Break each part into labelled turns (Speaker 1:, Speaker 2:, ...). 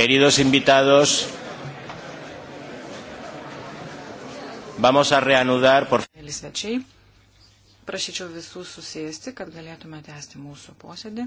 Speaker 1: Queridos invitados, vamos a reanudar, por
Speaker 2: favor. Prašyčiau visų susėsti, kad galėtume tęsti mūsų posėdį.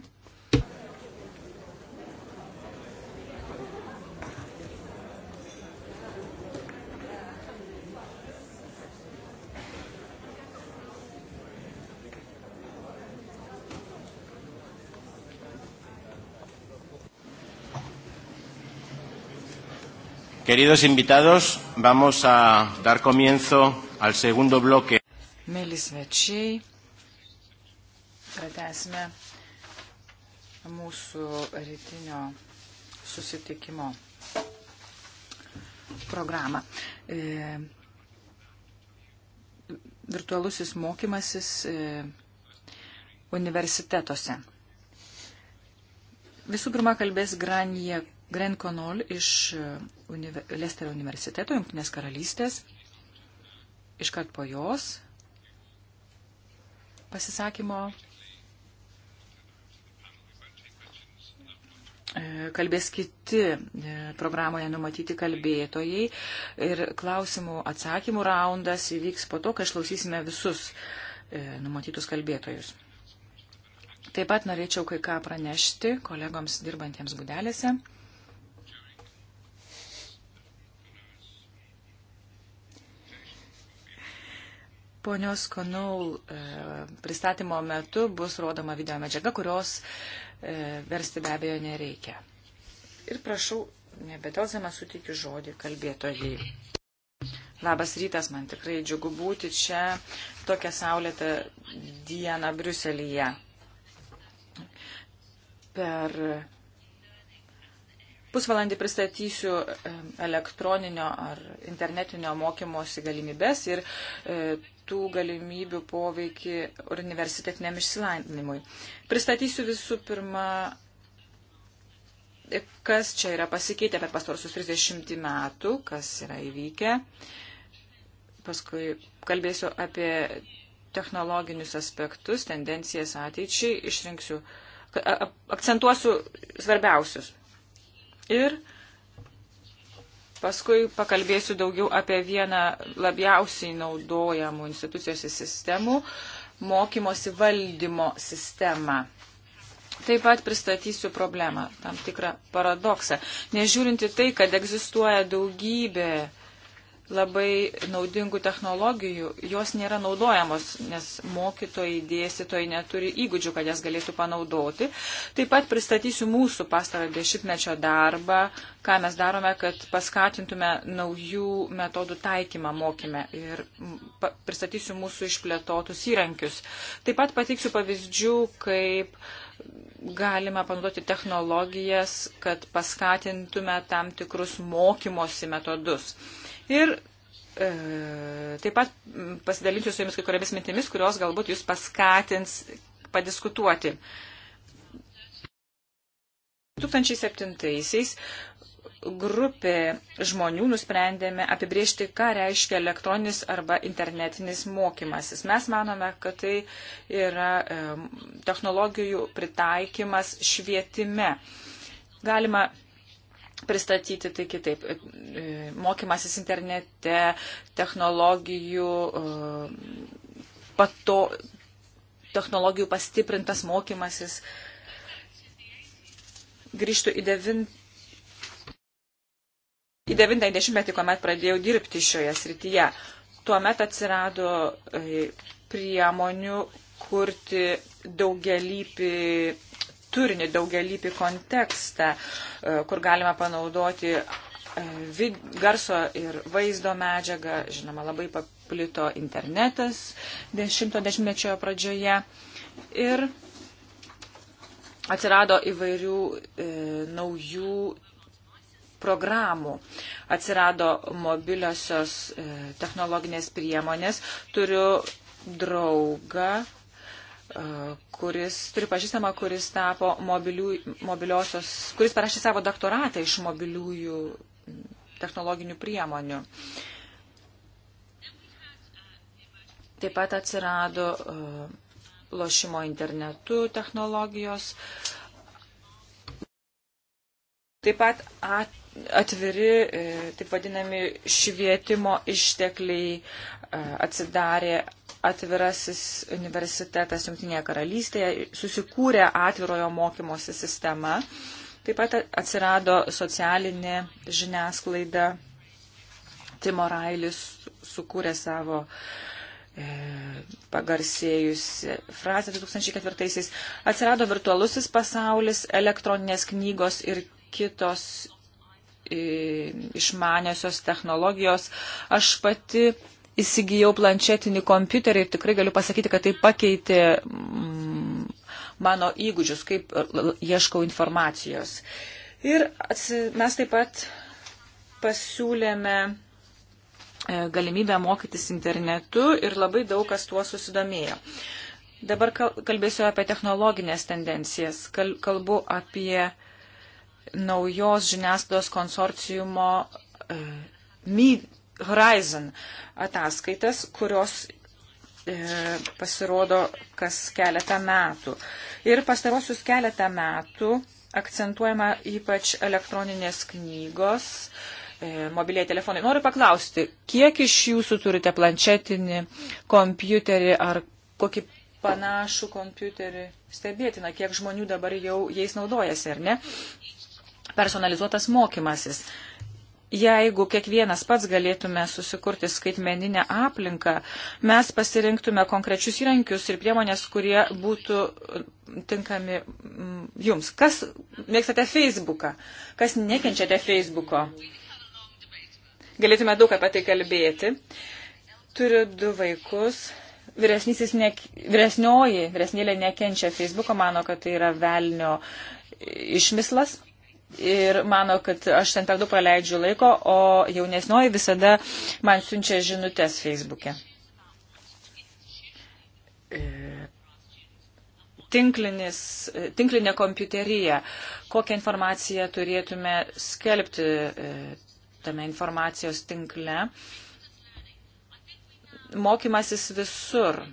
Speaker 1: Queridos invitados, vamos a dar comienzo al segundo bloque.
Speaker 2: Mėly svečiai, pratesime mūsų rytinio susitikimo programą. E, virtualusis mokymasis e, universitetuose. Visų pirma, kalbės Granje Gren Conol iš e, univer Lesterio universiteto, Junktinės karalystės. Iškart po jos pasisakymo e, kalbės kiti e, programoje numatyti kalbėtojai ir klausimų atsakymų raundas įvyks po to, kai išklausysime visus numatytus kalbėtojus. Taip pat norėčiau kai ką pranešti kolegoms dirbantiems gudelėse. Ponios Konau e, pristatymo metu bus rodoma video medžiaga, kurios e, versti be abejo nereikia. Ir prašau, nebetelzama sutikiu žodį kalbėtojai. Labas rytas, man tikrai džiugu būti čia tokią saulėtą dieną Briuselyje. Per pusvalandį pristatysiu e, elektroninio ar internetinio mokymosi galimybės ir tų galimybių poveikį universitetiniam išsilavinimui. Pristatysiu visų pirma, kas čia yra pasikeitę per pastarusius 30 metų, kas yra įvykę. Paskui kalbėsiu apie technologinius aspektus, tendencijas ateičiai, išrinksiu, akcentuosiu svarbiausius. Ir Paskui pakalbėsiu daugiau apie vieną labiausiai naudojamų institucijos sistemų - mokymosi valdymo sistemą. Taip pat pristatysiu problemą, tam tikrą paradoksą. Nežiūrinti tai, kad egzistuoja daugybė uh, labai naudingų technologijų, jos nėra naudojamos, nes mokytojai, dėstytojai neturi įgūdžių, kad jas galėtų panaudoti. Taip pat pristatysiu mūsų pastarą dešimtmečio darbą, ką mes darome, kad paskatintume naujų metodų taikymą mokyme ir pristatysiu mūsų išplėtotus įrankius. Taip pat pateiksiu pavyzdžių, kaip galima panaudoti technologijas, kad paskatintume tam tikrus mokymosi metodus. Ir e, taip pat pasidalinsiu su jumis kai kuriamis mintimis, kurios galbūt jūs paskatins padiskutuoti. 2007-aisiais grupė žmonių nusprendėme apibriežti, ką reiškia elektroninis arba internetinis mokymasis. Mes manome, kad tai yra e, technologijų pritaikymas švietime. Galima pristatyti tai kitaip. E, mokymasis internete, technologijų, e, pato, technologijų pastiprintas mokymasis. Grįžtų į devintą. Į 90-metį, kuomet pradėjau dirbti šioje srityje, tuomet atsirado e, priemonių kurti daugelįpį turinį, daugelįpį kontekstą, e, kur galima panaudoti e, vid, garso ir vaizdo medžiagą. Žinoma, labai paplito internetas 10-mečio pradžioje. Ir atsirado įvairių e, naujų programų. Atsirado mobiliosios e, technologinės priemonės. Turiu draugą, kuris pripažįstama, kuris tapo mobilių, mobiliosios, kuris parašė savo doktoratą iš mobiliųjų technologinių priemonių. Taip pat atsirado e, lošimo internetu technologijos. Taip pat atviri, e, taip vadinami, švietimo ištekliai e, atsidarė atvirasis universitetas Junktinėje karalystėje, susikūrė atvirojo mokymosi sistema, taip pat atsirado socialinė žiniasklaida, Timo Railis sukūrė savo e, pagarsėjusi frazę 2004-aisiais, atsirado virtualusis pasaulis, elektroninės knygos ir kitos e, išmaniosios technologijos. Aš pati įsigijau planšetinį kompiuterį ir tikrai galiu pasakyti, kad tai pakeitė mm, mano įgūdžius, kaip e, ieškau informacijos. Ir mes taip pat pasiūlėme e, galimybę mokytis internetu ir labai daug kas tuo susidomėjo. Dabar kalbėsiu apie technologinės tendencijas. Kalbu apie naujos žiniasklaidos konsorciumo e, Horizon ataskaitas, kurios e, pasirodo kas keletą metų. Ir pastarosius keletą metų akcentuojama ypač elektroninės knygos, e, mobiliai telefonai. Noriu paklausti, kiek iš jūsų turite planšetinį kompiuterį ar kokį panašų kompiuterį stebėtina, kiek žmonių dabar jau jais naudojasi, ar ne? Personalizuotas mokymasis. E, jeigu kiekvienas pats galėtume susikurti skaitmeninę aplinką, mes pasirinktume konkrečius įrankius ir priemonės, kurie būtų uh, tinkami mm, jums. Kas mėgstate Facebooką? Kas nekenčiate Facebooko? Galėtume daug apie tai kalbėti. Turiu du vaikus. Vyresnysis ne, vyresnioji, vyresnėlė nekenčia Facebooko, mano, kad tai yra velnio išmislas ir mano, kad aš ten per daug praleidžiu laiko, o jaunesnioji visada man siunčia žinutės feisbuke. E, tinklinis, tinklinė kompiuterija. Kokią informaciją turėtume skelbti e, tame informacijos tinkle? Mokymasis visur.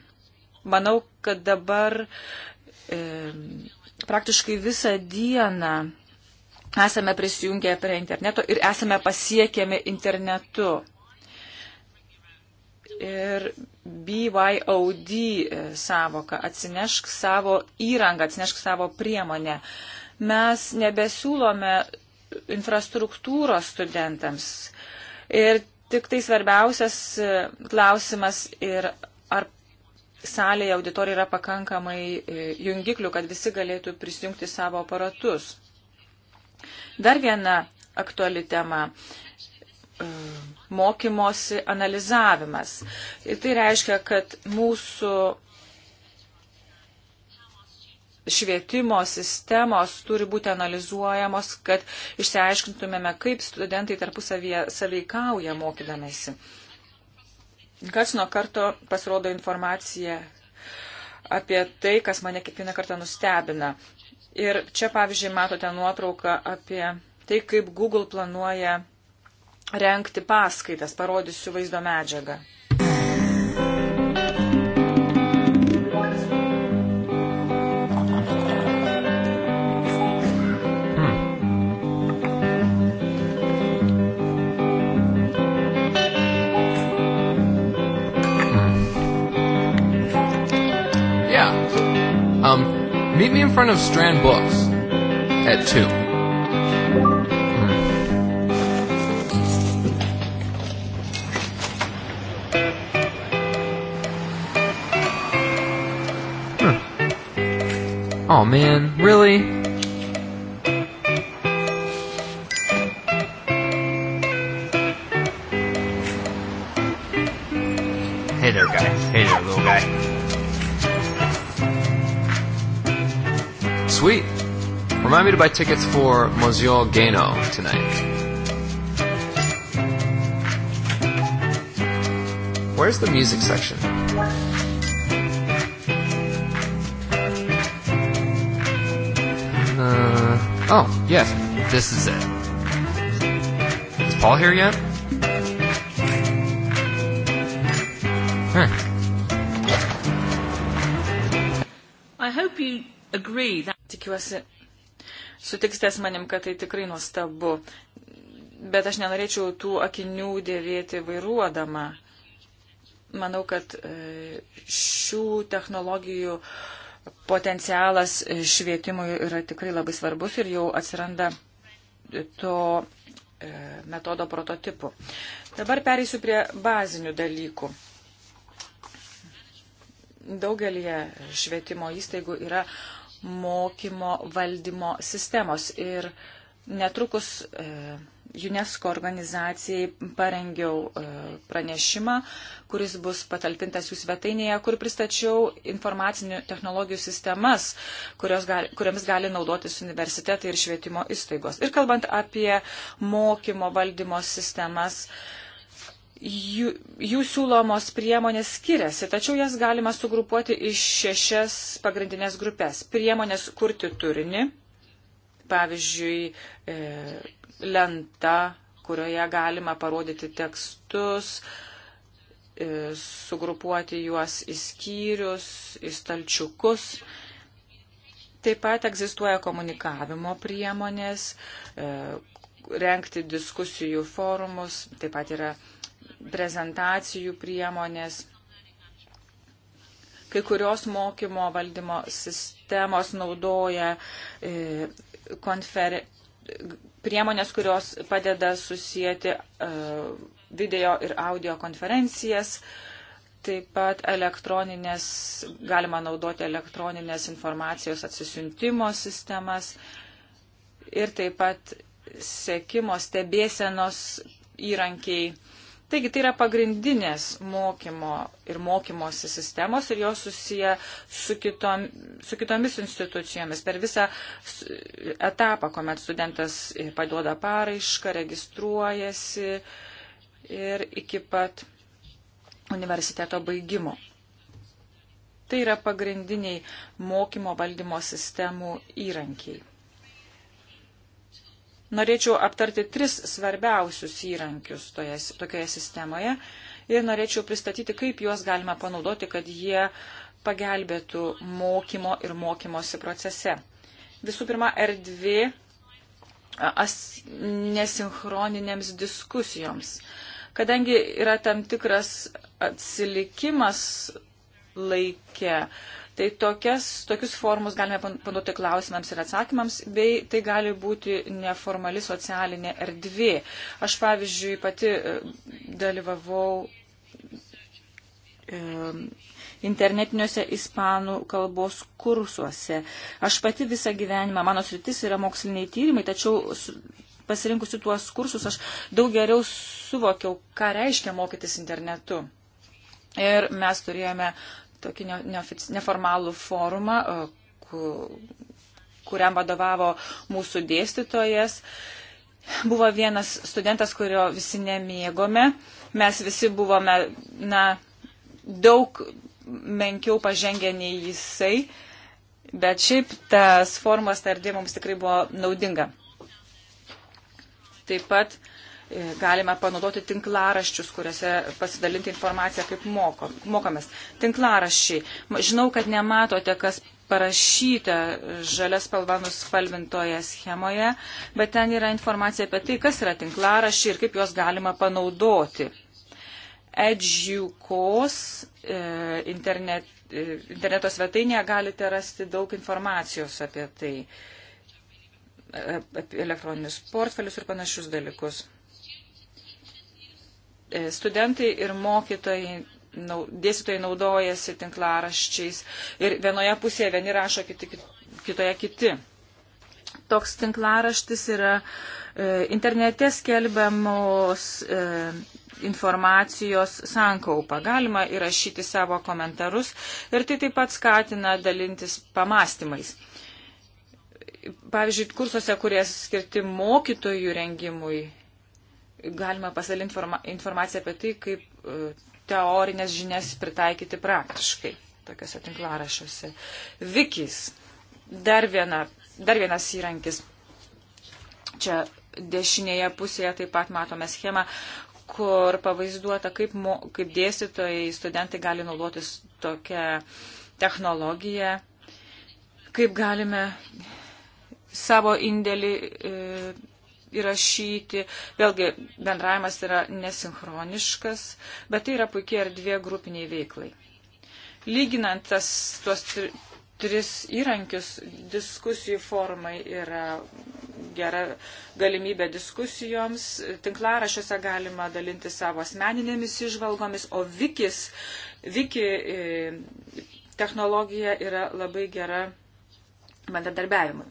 Speaker 2: Manau, kad dabar e, praktiškai visą dieną esame prisijungę prie interneto ir esame pasiekiami internetu. Ir BYOD savoka atsinešk savo įrangą, atsinešk savo priemonę. Mes nebesiūlome infrastruktūros studentams. Ir tik tai svarbiausias klausimas ir ar salėje auditorija yra pakankamai e, jungiklių, kad visi galėtų prisijungti savo aparatus. Dar viena aktuali tema e, - mokymosi analizavimas. Ir tai reiškia, kad mūsų švietimo sistemos turi būti analizuojamos, kad išsiaiškintumėme, kaip studentai tarpusavyje saveikauja mokydamėsi. Kas nuo karto pasirodo informacija apie tai, kas mane kiekvieną kartą nustebina. Ir čia, pavyzdžiui, matote nuotrauką apie tai, kaip Google planuoja renkti paskaitas, parodysiu vaizdo medžiagą.
Speaker 3: Meet me in front of Strand Books at 2. Huh. Hmm. Hmm. Oh man,
Speaker 1: really?
Speaker 3: remind me to buy tickets for Monsieur Gano tonight. Where's the music section? Uh, oh, yes, this is it. Is Paul here yet? Huh. I hope you agree
Speaker 2: that. Tikiuosi, sutiksitės manim, kad tai tikrai nuostabu. Bet aš nenorėčiau tų akinių dėvėti vairuodama. Manau, kad e, šių technologijų potencialas e, švietimui yra tikrai labai svarbus ir jau atsiranda to e, metodo prototipų. Dabar pereisiu prie bazinių dalykų. Daugelie švietimo įstaigų yra mokymo valdymo sistemos. Ir netrukus e, UNESCO organizacijai parengiau e, pranešimą, kuris bus patalpintas jų svetainėje, kur pristačiau informacinių technologijų sistemas, gali, kuriamis gali naudotis universitetai ir švietimo įstaigos. Ir kalbant apie mokymo valdymo sistemas, jų, jų siūlomos priemonės skiriasi, tačiau jas galima sugrupuoti iš šešias pagrindinės grupės. Priemonės kurti turinį, pavyzdžiui, e, lenta, kurioje galima parodyti tekstus, e, sugrupuoti juos į skyrius, į stalčiukus. Taip pat egzistuoja komunikavimo priemonės, e, renkti diskusijų forumus, taip pat yra prezentacijų priemonės. Kai kurios mokymo valdymo sistemos naudoja e, konfer... priemonės, kurios padeda susijęti e, video ir audio konferencijas. Taip pat elektroninės, galima naudoti elektroninės informacijos atsisiuntimo sistemas ir taip pat sekimo stebėsenos įrankiai Taigi tai yra pagrindinės mokymo ir mokymosi sistemos ir jos susiję su, kitom, su kitomis institucijomis. Per visą etapą, kuomet studentas e, paduoda paraišką, registruojasi ir iki pat universiteto baigimo. Tai yra pagrindiniai mokymo valdymo sistemų įrankiai. Norėčiau aptarti tris svarbiausius įrankius toje, tokioje sistemoje ir norėčiau pristatyti, kaip juos galima panaudoti, kad jie pagelbėtų mokymo ir mokymosi procese. Visų pirma, erdvė as, nesinchroninėms diskusijoms. Kadangi yra tam tikras atsilikimas laikė, uh, Tai tokias, tokius formus galime panduoti klausimams ir atsakymams, bei tai gali būti neformali socialinė erdvė. Aš, pavyzdžiui, pati e, dalyvavau e, internetiniuose ispanų kalbos kursuose. Aš pati visą gyvenimą, mano sritis yra moksliniai tyrimai, tačiau pasirinkusi tuos kursus aš daug geriau suvokiau, ką reiškia mokytis internetu. Ir mes turėjome tokį neformalų forumą, kuriam vadovavo mūsų dėstytojas. Buvo vienas studentas, kurio visi nemėgome. Mes visi buvome, na, daug menkiau pažengę nei jisai, bet šiaip tas formas tardė mums tikrai buvo naudinga. Taip pat uh, E, galime panaudoti tinklaraščius, kuriuose pasidalinti informaciją, kaip moko, mokomės. Tinklaraščiai. Žinau, kad nematote, kas parašyta žalias spalva nuspalvintoje schemoje, bet ten yra informacija apie tai, kas yra tinklaraščiai ir kaip juos galima panaudoti. EdgeUCOS e, internet, e, interneto svetainėje galite rasti daug informacijos apie tai, apie elektroninius portfelius ir panašius dalykus. E, studentai ir mokytojai. Nau, dėstytojai naudojasi tinklaraščiais ir vienoje pusėje vieni rašo, kiti, kitoje kiti. Toks tinklaraštis yra e, internete skelbiamos e, informacijos sankaupa. Galima įrašyti savo komentarus ir tai taip pat skatina dalintis pamastymais pavyzdžiui, kursuose, kurie skirti mokytojų rengimui galima pasidalinti informa informaciją apie tai, kaip e, teorinės žinias pritaikyti praktiškai tokiuose tinklarašiuose. Vikis. Dar, viena, dar vienas įrankis. Čia dešinėje pusėje taip pat matome schemą, kur pavaizduota, kaip, mo, kaip dėstytojai, studentai gali naudotis tokią technologiją, kaip galime savo indėlį e, įrašyti. Vėlgi, bendravimas yra nesinchroniškas, bet tai yra puikia erdvė grupiniai veiklai. Lyginant tas, tuos tri, tris įrankius, diskusijų formai yra gera galimybė diskusijoms. Tinklarašiuose galima dalinti savo asmeninėmis išvalgomis, o Vikis, Viki e, technologija yra labai gera bendradarbiavimui.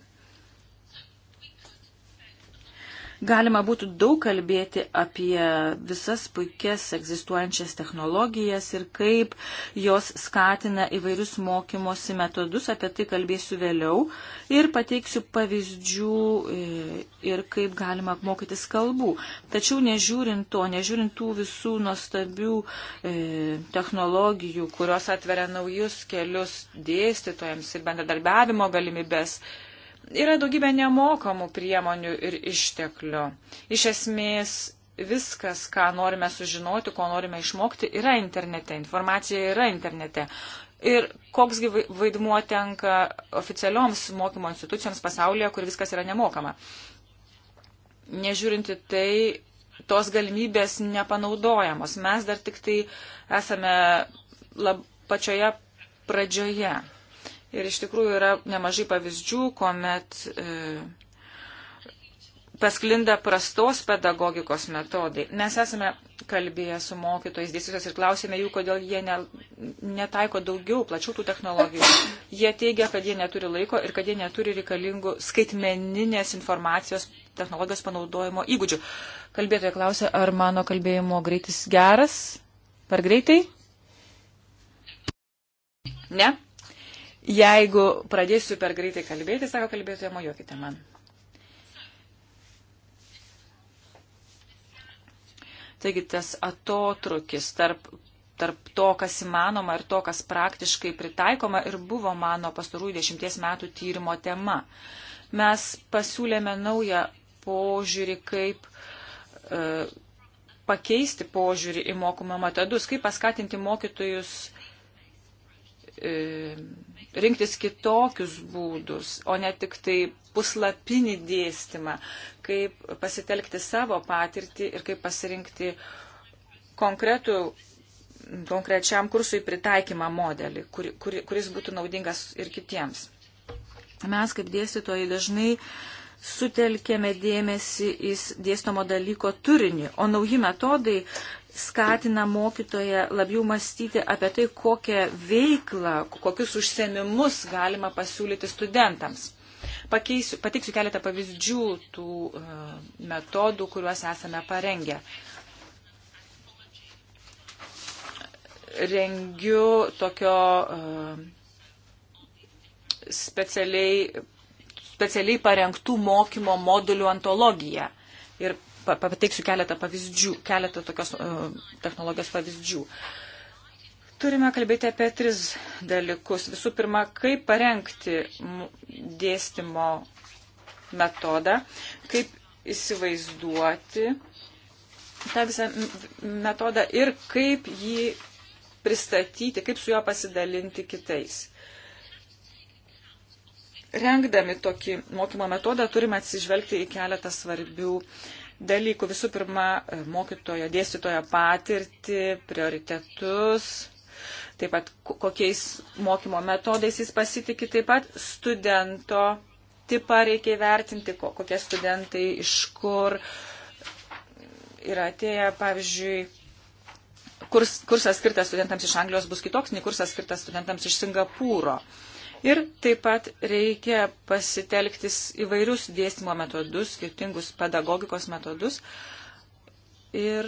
Speaker 2: Galima būtų daug kalbėti apie visas puikias egzistuojančias technologijas ir kaip jos skatina įvairius mokymosi metodus, apie tai kalbėsiu vėliau ir pateiksiu pavyzdžių e, ir kaip galima mokytis kalbų. Tačiau nežiūrint to, nežiūrint tų visų nuostabių e, technologijų, kurios atveria naujus kelius dėstytojams ir bendradarbiavimo galimybės, Yra daugybė nemokamų priemonių ir išteklių. Iš esmės, viskas, ką norime sužinoti, ko norime išmokti, yra internete. Informacija yra internete. Ir koksgi vaidmuo tenka oficialioms mokymo institucijoms pasaulyje, kur viskas yra nemokama. Nežiūrinti tai, tos galimybės nepanaudojamos. Mes dar tik tai esame lab, pačioje pradžioje. Ir iš tikrųjų yra nemažai pavyzdžių, kuomet e, pasklinda prastos pedagogikos metodai. Mes esame kalbėję su mokytojais, dėstytojais ir klausėme jų, kodėl jie ne, netaiko daugiau plačių tų technologijų. Jie teigia, kad jie neturi laiko ir kad jie neturi reikalingų skaitmeninės informacijos technologijos panaudojimo įgūdžių. Kalbėtoja klausė, ar mano kalbėjimo greitis geras? Per greitai? Ne? Jeigu pradėsiu per greitai kalbėti, sako kalbėtoja, mojokite man. Taigi tas atotrukis tarp, tarp to, kas įmanoma ir to, kas praktiškai pritaikoma ir buvo mano pastarųjų dešimties metų tyrimo tema. Mes pasiūlėme naują požiūrį, kaip e, pakeisti požiūrį į mokomą metodus, kaip paskatinti mokytojus e, rinktis kitokius būdus, o ne tik tai puslapinį dėstymą, kaip pasitelkti savo patirtį ir kaip pasirinkti konkretų, konkrečiam kursui pritaikymą modelį, kur, kur, kuris būtų naudingas ir kitiems. Mes kaip dėstytojai dažnai uh, sutelkėme dėmesį į dėstomo dalyko turinį, o nauji metodai skatina mokytoje labiau mąstyti apie tai, kokią veiklą, kokius užsiemimus galima pasiūlyti studentams. Pakeisiu, patiksiu keletą pavyzdžių tų e, metodų, kuriuos esame parengę. Rengiu tokio e, specialiai specialiai parengtų mokymo modulių antologiją. Ir pateiksiu keletą pavyzdžių, keletą tokios uh, technologijos pavyzdžių. Turime kalbėti apie tris dalykus. Visų pirma, kaip parengti dėstymo metodą, kaip įsivaizduoti tą visą metodą ir kaip jį pristatyti, kaip su juo pasidalinti kitais. Rengdami tokį mokymo metodą turime atsižvelgti į keletą svarbių dalykų. Visų pirma, mokytojo dėstytojo patirtį, prioritetus, taip pat kokiais mokymo metodais jis pasitikė, taip pat studento tipą reikia vertinti, kokie studentai iš kur yra atėję, pavyzdžiui, kurs, kursas skirtas studentams iš Anglijos bus kitoks nei kursas skirtas studentams iš Singapūro. Uh, Ir taip pat reikia pasitelktis įvairius dėstymo metodus, skirtingus pedagogikos metodus ir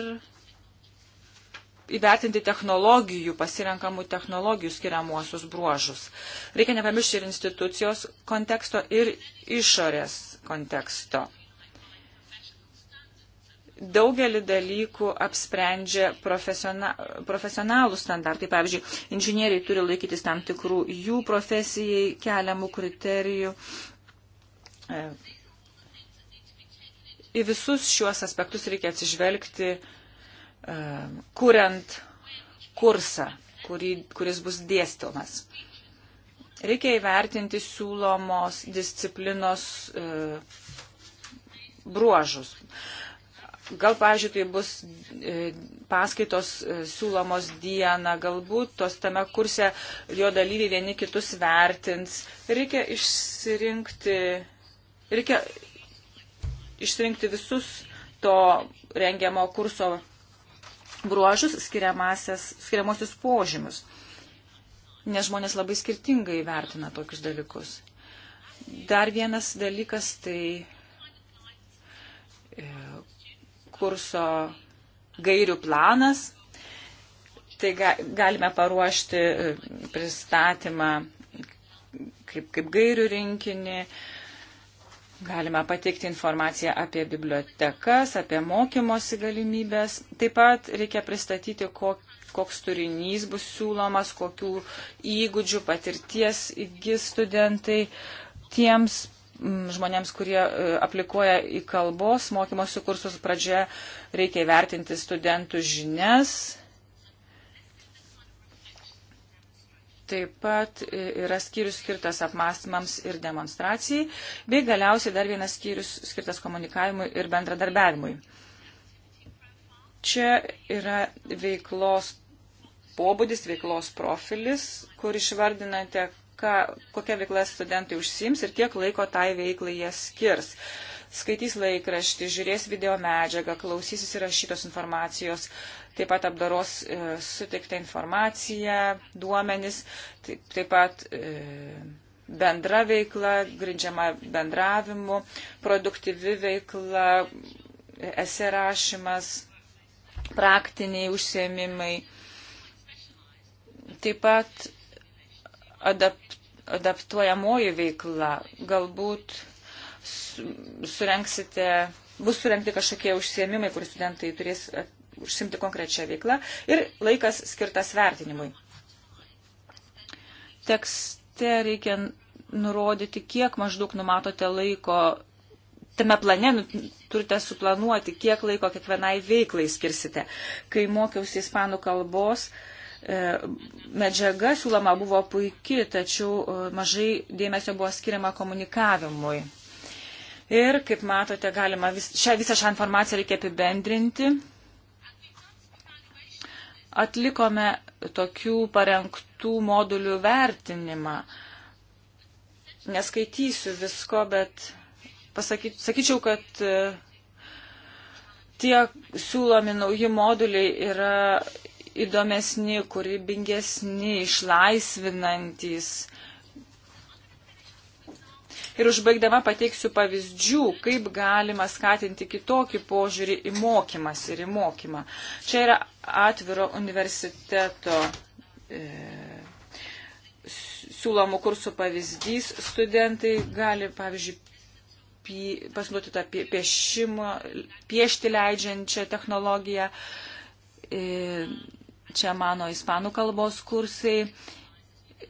Speaker 2: įvertinti technologijų, pasirenkamų technologijų skiriamuosius bruožus. Reikia nepamiršti ir institucijos konteksto, ir išorės konteksto daugelį dalykų apsprendžia profesiona, profesionalų standartai. Pavyzdžiui, inžinieriai turi laikytis tam tikrų jų profesijai keliamų kriterijų. E, į visus šiuos aspektus reikia atsižvelgti, e, kuriant kursą, kurį, kuris bus dėstomas. Reikia įvertinti siūlomos disciplinos e, bruožus. Gal, pavyzdžiui, tai bus e, paskaitos e, siūlomos dieną, galbūt tos tame kurse jo dalyviai vieni kitus vertins. Reikia išsirinkti, reikia išsirinkti visus to rengiamo kurso bruožus, skiriamosius požymus. Nes žmonės labai skirtingai vertina tokius dalykus. Dar vienas dalykas tai kurso gairių planas. Tai ga, galime paruošti e, pristatymą kaip, kaip gairių rinkinį. Galima pateikti informaciją apie bibliotekas, apie mokymosi galimybės. Taip pat reikia pristatyti, koks turinys bus siūlomas, kokių įgūdžių patirties įgis studentai. Tiems Mm, žmonėms, kurie e, aplikuoja į kalbos mokymosi kursus pradžioje, reikia įvertinti studentų žinias. Taip pat e, yra skyrius skirtas apmąstymams ir demonstracijai, bei galiausiai dar vienas skyrius skirtas komunikavimui ir bendradarbiavimui. Čia yra veiklos pobūdis, veiklos profilis, kur išvardinate, ką, kokia veikla studentai užsims ir kiek laiko tai veiklai jie skirs. Skaitys laikraštį, žiūrės video medžiagą, klausysis įrašytos informacijos, taip pat apdaros e, suteiktą informaciją, duomenis, taip, taip pat e, bendra veikla, grindžiama bendravimu, produktyvi veikla, esė rašymas, praktiniai užsiemimai. Taip pat adapt, adaptuojamoji veikla. Galbūt surenksite, bus surenkti kažkokie užsiemimai, kur studentai turės užsimti konkrečią veiklą ir laikas skirtas vertinimui. Tekste reikia nurodyti, kiek maždaug numatote laiko, tame plane nu, turite suplanuoti, kiek laiko kiekvienai veiklai skirsite. Kai mokiausi ispanų kalbos, uh, E, medžiaga siūloma buvo puiki, tačiau e, mažai dėmesio buvo skiriama komunikavimui. Ir, kaip matote, galima vis, šią, visą šią informaciją reikia apibendrinti. Atlikome tokių parengtų modulių vertinimą. Neskaitysiu visko, bet pasakyt, sakyčiau, kad e, tie siūlomi nauji moduliai yra įdomesni, kūrybingesni, išlaisvinantis. Ir užbaigdama pateiksiu pavyzdžių, kaip galima skatinti kitokį požiūrį į mokymas ir į mokymą. Čia yra atviro universiteto e, siūlomų kursų pavyzdys. Studentai gali, pavyzdžiui, pasinuoti tą piešimo, piešti leidžiančią technologiją. E, čia mano ispanų kalbos kursai.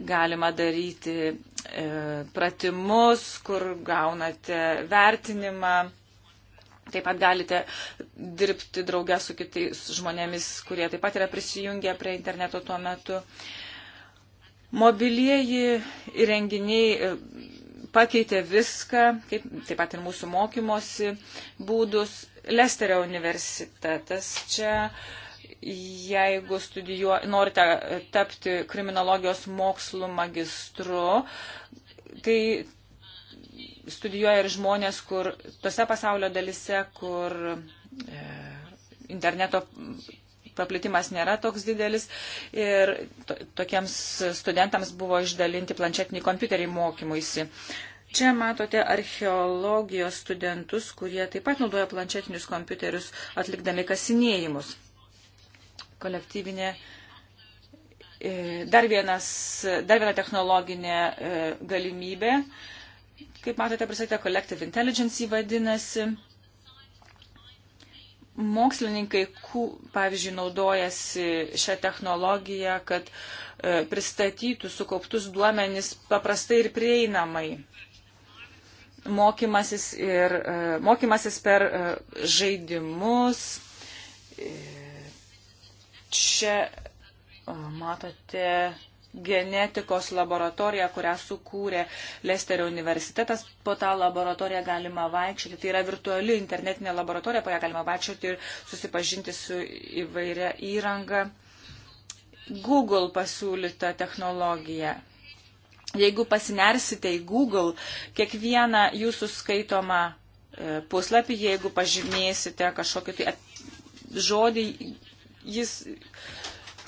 Speaker 2: Galima daryti e, pratimus, kur gaunate vertinimą. Taip pat galite dirbti draugę su kitais žmonėmis, kurie taip pat yra prisijungę prie interneto tuo metu. Mobilieji įrenginiai e, pakeitė viską, kaip, taip pat ir mūsų mokymosi būdus. Lesterio universitetas čia jeigu studijuo, norite tapti kriminologijos mokslų magistru, tai studijuoja ir žmonės, kur tose pasaulio dalise, kur e, interneto paplitimas nėra toks didelis ir to, tokiems studentams buvo išdalinti planšetiniai kompiuteriai mokymuisi. Čia matote archeologijos studentus, kurie taip pat naudoja planšetinius kompiuterius atlikdami kasinėjimus kolektyvinė. E, dar, vienas, dar viena technologinė e, galimybė. Kaip matote, pristatyta Collective Intelligence įvadinasi. Mokslininkai, ku, pavyzdžiui, naudojasi šią technologiją, kad e, pristatytų sukauptus duomenis paprastai ir prieinamai mokymasis, ir, mokymasis per žaidimus, Čia matote genetikos laboratoriją, kurią sukūrė Lesterio universitetas. Po tą laboratoriją galima vaikščioti. Tai yra virtuali internetinė laboratorija, po ją galima vaikščioti ir susipažinti su įvairia įranga. Google pasiūlyta technologija. Jeigu pasinersite į Google, kiekvieną jūsų skaitomą e, puslapį, jeigu pažymėsite kažkokį tai žodį, jis,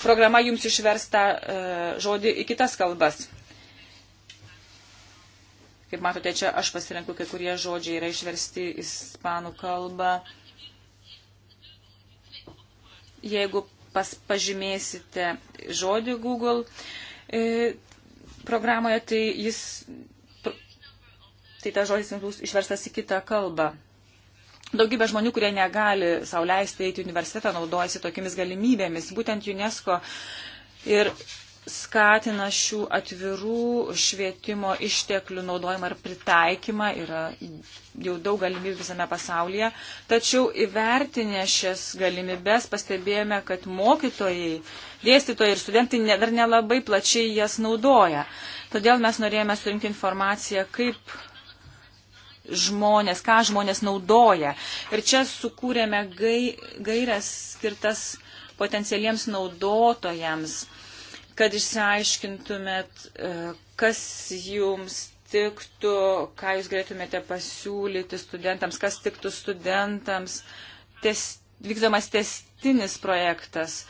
Speaker 2: programa jums išversta e, žodį į kitas kalbas. Kaip matote, čia aš pasirenku, kai kurie žodžiai yra išversti į ispanų kalbą. Jeigu pas, pažymėsite žodį Google e, programoje, tai jis, tai ta žodis jums bus išverstas į kitą kalbą. Daugybė žmonių, kurie negali sauliaisti eiti į universitetą, naudojasi tokiamis galimybėmis. Būtent UNESCO ir skatina šių atvirų švietimo išteklių naudojimą ir pritaikymą, yra jau daug galimybių visame pasaulyje. Tačiau įvertinę šias galimybės pastebėjome, kad mokytojai, dėstytojai ir studentai ne, dar nelabai plačiai jas naudoja. Todėl mes norėjome surinkti informaciją, kaip žmonės, ką žmonės naudoja. Ir čia sukūrėme gai, gairias skirtas potencialiems naudotojams, kad išsiaiškintumėt, e, kas jums tiktų, ką jūs galėtumėte pasiūlyti studentams, kas tiktų studentams. Tes, vykdomas testinis projektas,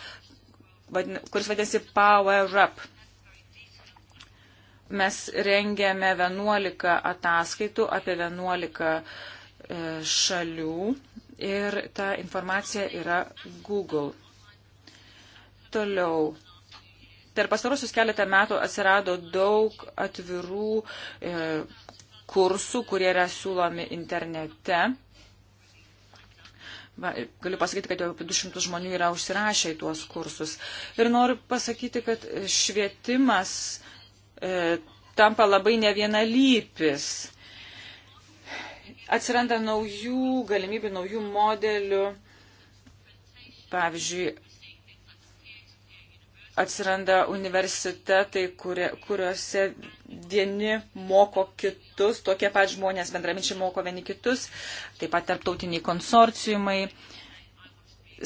Speaker 2: kuris vadinasi Power Up Mes rengėme 11 ataskaitų apie 11 e, šalių ir ta informacija yra Google. Toliau. Per pastarosius keletą metų atsirado daug atvirų e, kursų, kurie yra siūlomi internete. Va, galiu pasakyti, kad jau apie 200 žmonių yra užsirašę į tuos kursus. Ir noriu pasakyti, kad švietimas e, tampa labai nevienalypis. Atsiranda naujų galimybių, naujų modelių. Pavyzdžiui, atsiranda universitetai, kurie, kuriuose vieni moko kitus, tokie pat žmonės bendraminčiai moko vieni kitus, taip pat tarptautiniai konsorciumai. E,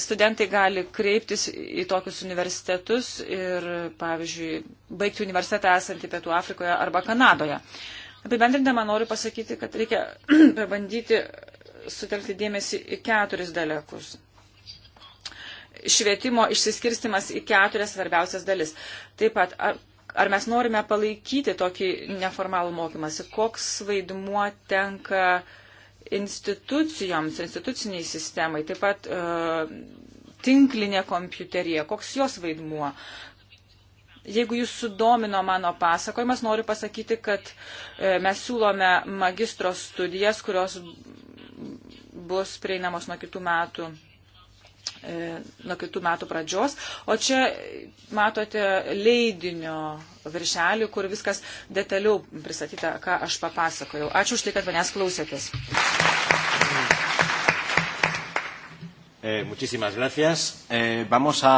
Speaker 2: studentai gali kreiptis į tokius universitetus ir, pavyzdžiui, baigti universitetą esantį Pietų Afrikoje arba Kanadoje. Apibendrindama noriu pasakyti, kad reikia pabandyti sutelkti dėmesį į keturis dalykus. Švietimo išsiskirstimas į keturias svarbiausias dalis. Taip pat, ar, ar mes norime palaikyti tokį neformalų mokymasi, koks vaidmuo tenka uh, institucijoms, instituciniai sistemai, taip pat e, tinklinė kompiuterija, koks jos vaidmuo. Jeigu jūs sudomino mano pasakojimas, noriu pasakyti, kad e, mes siūlome magistro studijas, kurios bus prieinamos nuo kitų metų E, nuo kitų metų pradžios. O čia matote leidinio viršelį, kur viskas detaliau pristatyta, ką aš papasakojau. Ačiū už tai, kad manęs klausėtės.
Speaker 3: Eh, muchísimas gracias. Eh, vamos a.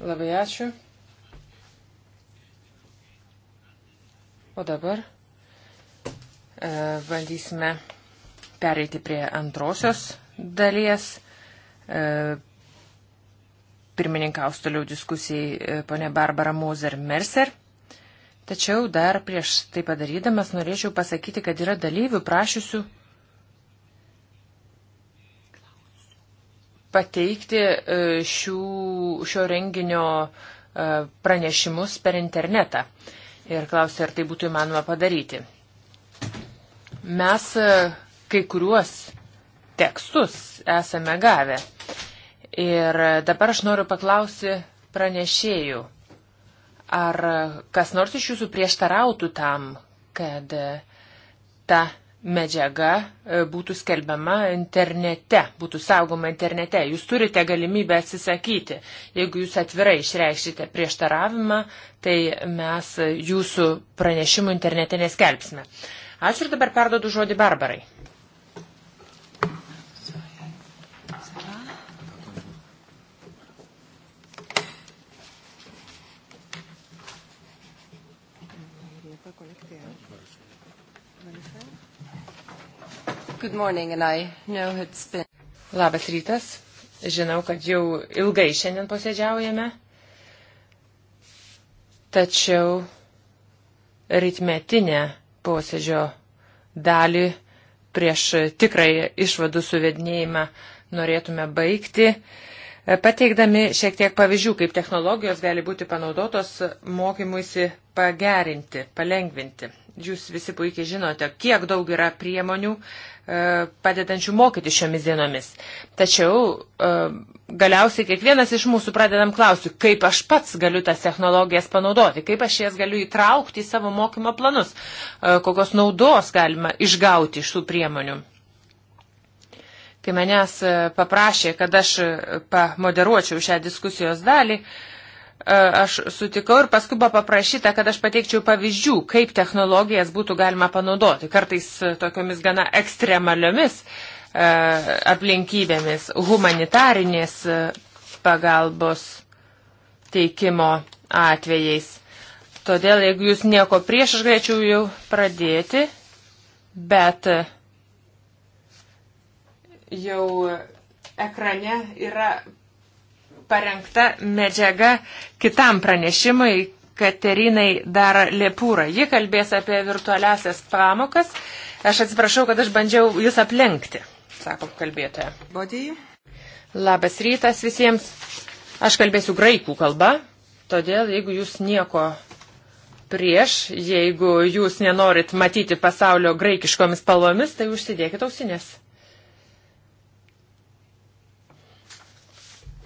Speaker 3: Labai ačiū. O dabar e, bandysime pereiti prie antrosios dalies. E, pirmininkaus toliau diskusijai e, ponė Barbara Moser-Mercer. Tačiau dar prieš tai padarydamas norėčiau pasakyti, kad yra dalyvių prašysių pateikti e, šių, šio renginio e, pranešimus per internetą. Ir klausia, ar tai būtų įmanoma padaryti. Mes kai kuriuos tekstus esame gavę Ir dabar aš noriu paklausti pranešėjų, ar kas nors iš jūsų prieštarautų tam, kad ta medžiaga e, būtų skelbiama internete, būtų saugoma internete. Jūs turite galimybę atsisakyti. Jeigu jūs atvirai išreikšite prieštaravimą, tai mes jūsų pranešimų internete neskelbsime. Ačiū ir dabar perdodu žodį Barbarai. Good morning, and I know it's been... Labas rytas. Žinau, kad jau ilgai šiandien posėdžiaujame. Tačiau ritmetinę posėdžio dalį prieš tikrai išvadų suvedinėjimą norėtume baigti, pateikdami šiek tiek pavyzdžių, kaip technologijos gali būti panaudotos mokymuisi pagerinti, palengvinti. Jūs visi puikiai žinote, kiek daug yra priemonių e, padedančių mokyti šiomis dienomis. Tačiau e, galiausiai kiekvienas iš mūsų pradedam klausti, kaip aš pats galiu tas technologijas panaudoti, kaip aš jas galiu įtraukti į savo mokymo planus, e, kokios naudos galima išgauti iš tų priemonių. Kai manęs paprašė, kad aš pamoderuočiau šią diskusijos dalį, uh, E, aš sutikau ir paskui buvo paprašyta, kad aš pateikčiau pavyzdžių, kaip technologijas būtų galima panaudoti. Kartais e, tokiomis gana ekstremaliomis e, aplinkybėmis humanitarinės pagalbos teikimo atvejais. Todėl, jeigu jūs nieko prieš, aš galėčiau jau pradėti, bet jau ekrane yra parengta medžiaga kitam pranešimui Katerinai dar Liepūrą. Ji kalbės apie virtualiasias pamokas. Aš atsiprašau, kad aš bandžiau jūs aplenkti, sako kalbėtoja. Bodį. Labas rytas visiems. Aš kalbėsiu graikų kalba, todėl jeigu jūs nieko prieš, jeigu jūs nenorit matyti pasaulio graikiškomis spalvomis, tai užsidėkite ausinės.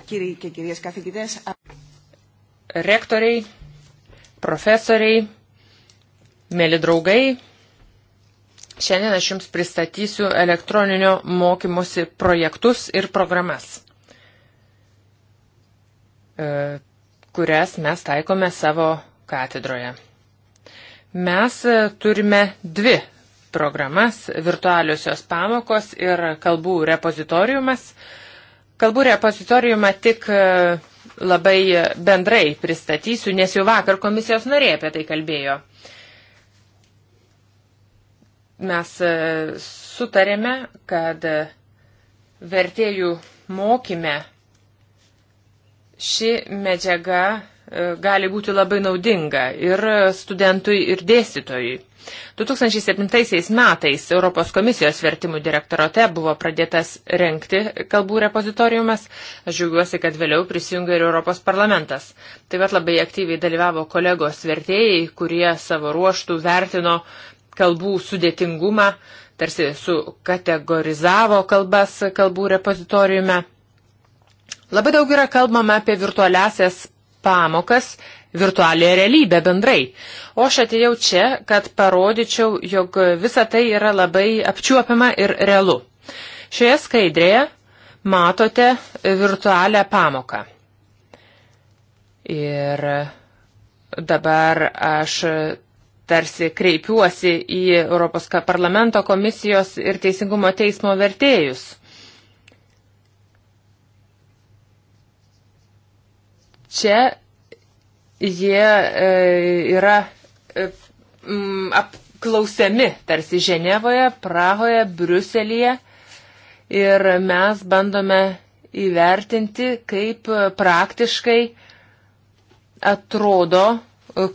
Speaker 3: κύριοι και κυρίες καθηγητές. Rektoriai, profesoriai, mėly draugai, šiandien aš Jums pristatysiu elektroninio mokymosi projektus ir programas, e, kurias mes taikome savo katedroje. Mes e, turime dvi programas - virtualiosios pamokos ir kalbų repozitoriumas – Kalbu repozitoriumą tik e, labai bendrai pristatysiu, nes jau vakar komisijos narė apie tai kalbėjo. Mes e, sutarėme, kad e, vertėjų mokyme ši medžiaga gali būti labai naudinga ir studentui, ir dėstytojui. 2007 metais Europos komisijos vertimų direktorate buvo pradėtas renkti kalbų repozitoriumas. Aš žiūriuosi, kad vėliau prisijungė ir Europos parlamentas. Taip pat labai aktyviai dalyvavo kolegos vertėjai, kurie savo ruoštų vertino kalbų sudėtingumą, tarsi sukategorizavo kalbas kalbų repozitoriume. Labai daug yra kalbama apie virtualiasias pamokas virtualią realybę bendrai. O aš atėjau čia, kad parodyčiau, jog visa tai yra labai apčiuopiama ir realu. Šioje skaidrėje matote virtualią pamoką. Ir dabar aš tarsi kreipiuosi į Europos parlamento komisijos ir teisingumo teismo vertėjus. Čia jie e, yra e, apklausiami tarsi Ženevoje, Prahoje, Briuselėje ir mes bandome įvertinti, kaip praktiškai atrodo e,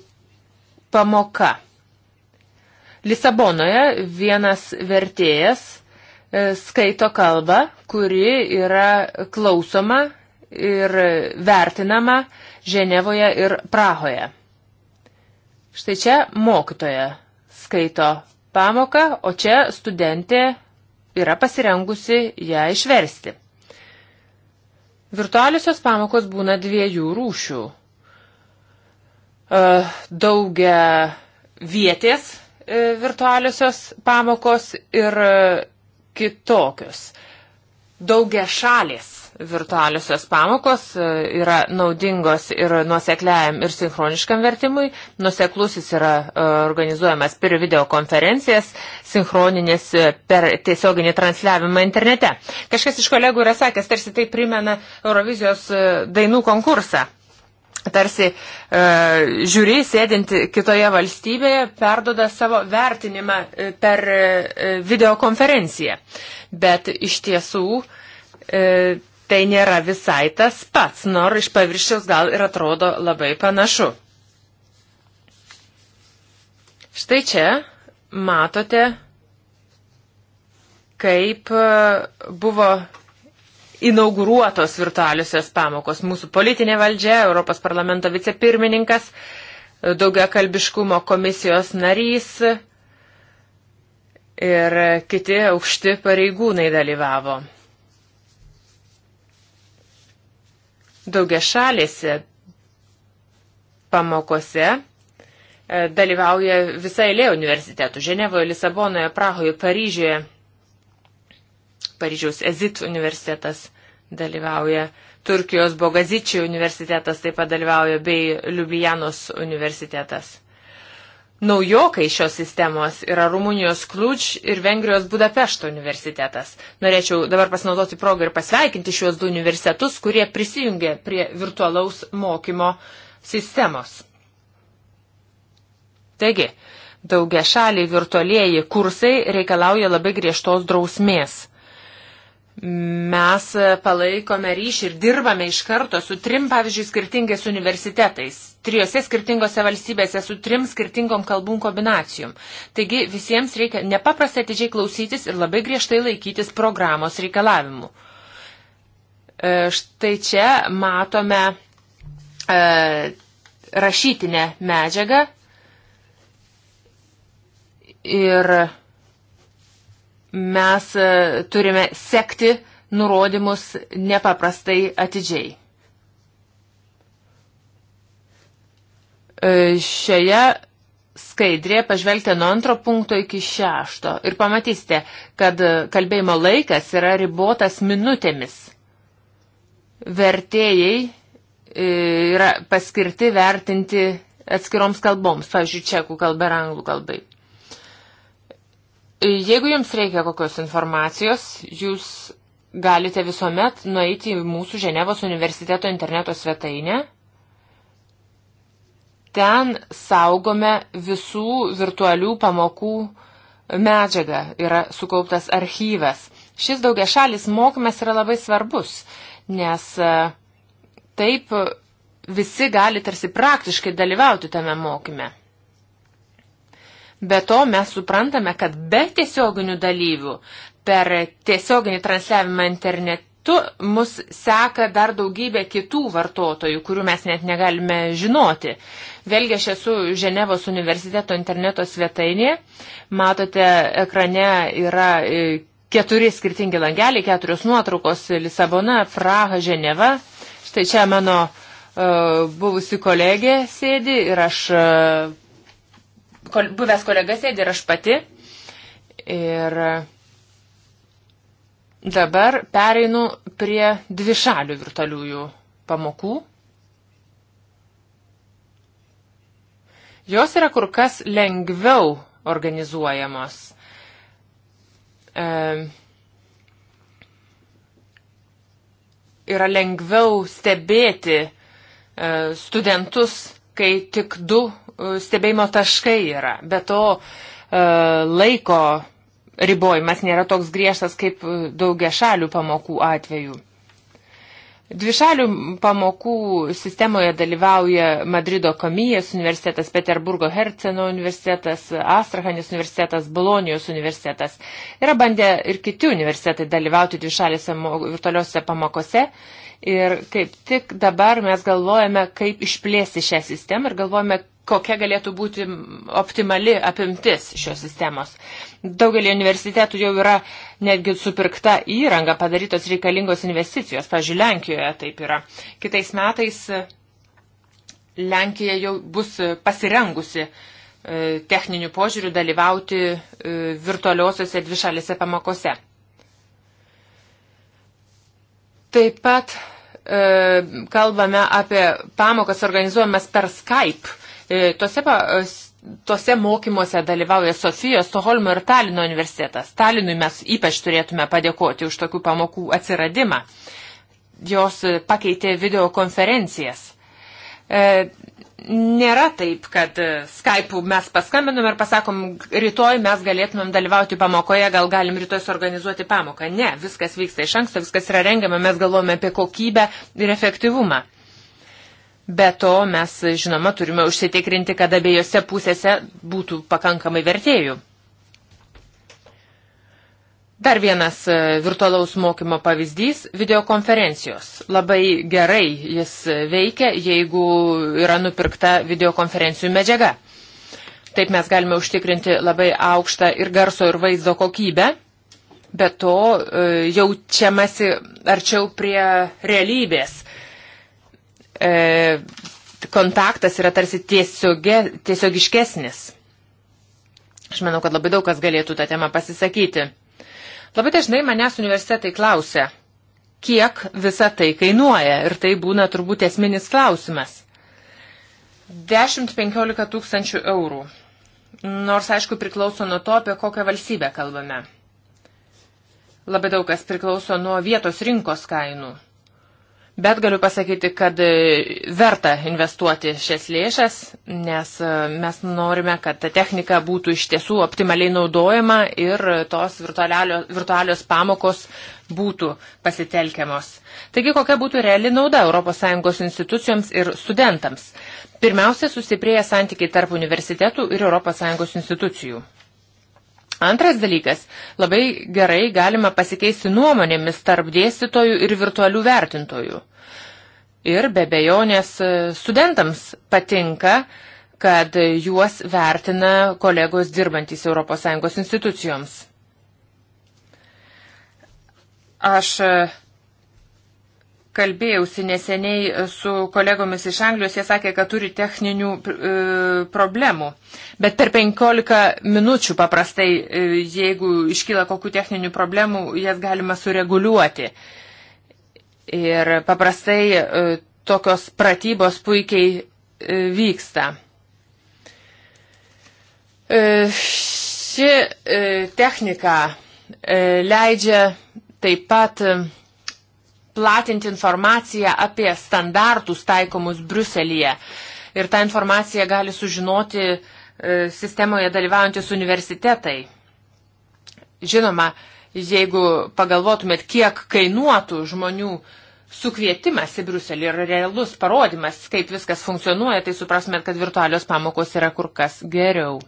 Speaker 3: pamoka. Lisabonoje vienas vertėjas skaito kalbą, kuri yra klausoma ir vertinama Ženevoje ir Prahoje. Štai čia mokytoja skaito pamoką, o čia studentė yra pasirengusi ją išversti. Virtualiosios pamokos būna dviejų rūšių. E, daugia vietės e, virtualiosios pamokos ir e, kitokios. Daugia šalės virtualiosios pamokos e, yra naudingos ir nuosekliajam ir sinchroniškam vertimui. Nuseklusis yra e, organizuojamas per videokonferencijas, sinchroninis e, per tiesioginį transliavimą internete. Kažkas iš kolegų yra sakęs, tarsi tai primena Eurovizijos dainų konkursą. Tarsi e, žiūri sėdinti kitoje valstybėje perdoda savo vertinimą per e, videokonferenciją. Bet iš tiesų e, tai nėra visai tas pats, nors iš paviršiaus gal ir atrodo labai panašu. Štai čia matote, kaip e, buvo inauguruotos virtualiusios pamokos. Mūsų politinė valdžia, Europos parlamento vicepirmininkas, daugia kalbiškumo komisijos narys ir kiti aukšti pareigūnai dalyvavo. daugia šalėse pamokose e, dalyvauja visa eilė universitetų - Ženevoje, Lisabonoje, Prahoje, Paryžiuje. Paryžiaus Ezit universitetas dalyvauja, Turkijos Bogazičiai universitetas taip pat dalyvauja, bei Ljubljanos universitetas naujokai šios sistemos yra Rumunijos Kliūč ir Vengrijos Budapešto universitetas. Norėčiau dabar pasinaudoti progą ir pasveikinti šiuos du universitetus, kurie prisijungė prie virtualaus mokymo sistemos. Taigi, daugia šaliai virtualieji kursai reikalauja labai griežtos drausmės. Mes palaikome ryšį ir dirbame iš karto su trim, pavyzdžiui, skirtingais universitetais, trijose skirtingose valstybėse, su trim skirtingom kalbų kombinacijom. Taigi visiems reikia nepaprastai atidžiai klausytis ir labai griežtai laikytis programos reikalavimų. E, štai čia matome e, rašytinę medžiagą ir mes e, turime sekti nurodymus nepaprastai atidžiai. E, šioje skaidrėje pažvelgti nuo antro punkto iki šešto ir pamatysite, kad e, kalbėjimo laikas yra ribotas minutėmis. Vertėjai yra paskirti vertinti atskiroms kalboms, pavyzdžiui, čekų kalba ir anglų kalbai. Jeigu jums reikia kokios informacijos, jūs galite visuomet nueiti į mūsų Ženevos universiteto interneto svetainę. Ten saugome visų virtualių pamokų medžiagą, yra sukauptas archyvas. Šis daugia šalis mokymas yra labai svarbus, nes e, taip visi gali tarsi praktiškai dalyvauti tame mokyme. Be to mes suprantame, kad be tiesioginių dalyvių per tiesioginį transliavimą internetu mus seka dar daugybė kitų vartotojų, kurių mes net negalime žinoti. Vėlgi aš esu Ženevos universiteto interneto svetainėje. Matote, ekrane yra e, keturi skirtingi langeliai, keturios nuotraukos - Lisabona, Praha, Ženeva. Štai čia mano uh, buvusi kolegė sėdi ir aš uh, kol, buvęs kolega sėdi ir aš pati. Ir dabar pereinu prie dvišalių virtualiųjų pamokų. Jos yra kur kas lengviau organizuojamos. E, yra lengviau stebėti e, studentus, kai tik du stebėjimo taškai yra. Be to e, laiko ribojimas nėra toks griežtas kaip daugia šalių pamokų atveju. Dvišalių pamokų sistemoje dalyvauja Madrido Komijas universitetas, Peterburgo Herceno universitetas, Astrahanis universitetas, Bolonijos universitetas. Yra bandę ir kiti universitetai dalyvauti dvišalėse virtualiuose pamokose. Ir kaip tik dabar mes galvojame, kaip išplėsti šią sistemą ir galvojame, kokia galėtų būti optimali apimtis šios sistemos. Daugelį universitetų jau yra netgi supirkta įranga, padarytos reikalingos investicijos. Pavyzdžiui, Lenkijoje taip yra. Kitais metais e, Lenkija jau bus pasirengusi e, techninių požiūrių dalyvauti e, virtualiosiuose dvišalėse pamokose. Taip pat kalbame apie pamokas organizuojamas per Skype E, tose, e, tose mokymuose dalyvauja Sofijos, Stoholmo ir Talino universitetas. Talinui mes ypač turėtume padėkoti už tokių pamokų atsiradimą. Jos e, pakeitė videokonferencijas. Nėra taip, kad Skype'u mes paskambinam ir pasakom, rytoj mes galėtumėm dalyvauti pamokoje, gal galim rytoj suorganizuoti pamoką. Ne, viskas vyksta iš anksto, viskas yra rengiama, mes galvojame apie kokybę ir efektyvumą. Be to mes, žinoma, turime užsitikrinti, kad abiejose pusėse būtų pakankamai vertėjų. Dar vienas e, virtualaus mokymo pavyzdys - videokonferencijos. Labai gerai jis veikia, jeigu yra nupirkta videokonferencijų medžiaga. Taip mes galime užtikrinti labai aukštą ir garso ir vaizdo kokybę, bet to e, jaučiamasi arčiau prie realybės e, kontaktas yra tarsi tiesioge, tiesiogiškesnis. Aš manau, kad labai daug kas galėtų tą temą pasisakyti. Labai dažnai manęs universitetai klausia, kiek visa tai kainuoja ir tai būna turbūt esminis klausimas. 10-15 tūkstančių eurų. Nors, aišku, priklauso nuo to, apie kokią valstybę kalbame. Labai daug kas priklauso nuo vietos rinkos kainų. Bet galiu pasakyti, kad e, verta investuoti šias lėšas, nes e, mes norime, kad ta technika būtų iš tiesų optimaliai naudojama ir tos virtualios, virtualios pamokos būtų pasitelkiamos. Taigi, kokia būtų reali nauda ES institucijoms ir studentams? Pirmiausia, sustiprėja santykiai tarp universitetų ir ES institucijų. Antras dalykas, labai gerai galima pasikeisti nuomonėmis tarp dėstytojų ir virtualių vertintojų. Ir be bejonės e, studentams patinka, kad juos vertina kolegos dirbantys ES institucijoms. Aš e, Kalbėjausi neseniai su kolegomis iš Anglijos, jie sakė, kad turi techninių e, problemų. Bet per 15 minučių paprastai, e, jeigu iškyla kokių techninių problemų, jas galima sureguliuoti. Ir paprastai e, tokios pratybos puikiai e, vyksta. E, ši e, technika e, leidžia taip pat. E, platinti informaciją apie standartus taikomus Bruselėje. Ir tą informaciją gali sužinoti e, sistemoje dalyvaujantis universitetai. Žinoma, jeigu pagalvotumėt, kiek kainuotų žmonių sukvietimas į Bruselį ir realus parodymas, kaip viskas funkcionuoja, tai suprasmėt, kad virtualios pamokos yra kur kas geriau.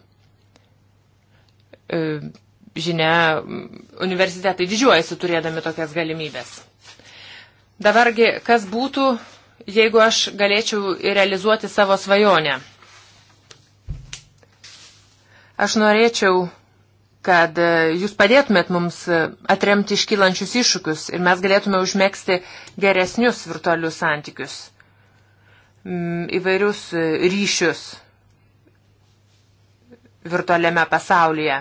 Speaker 3: E, žinia, universitetai didžiuojasi turėdami tokias galimybės. Dabargi, kas būtų, jeigu aš galėčiau realizuoti savo svajonę? Aš norėčiau, kad e, jūs padėtumėt mums e, atremti iškylančius iššūkius ir mes galėtume užmėgsti geresnius virtualius santykius, įvairius e, ryšius virtualiame pasaulyje.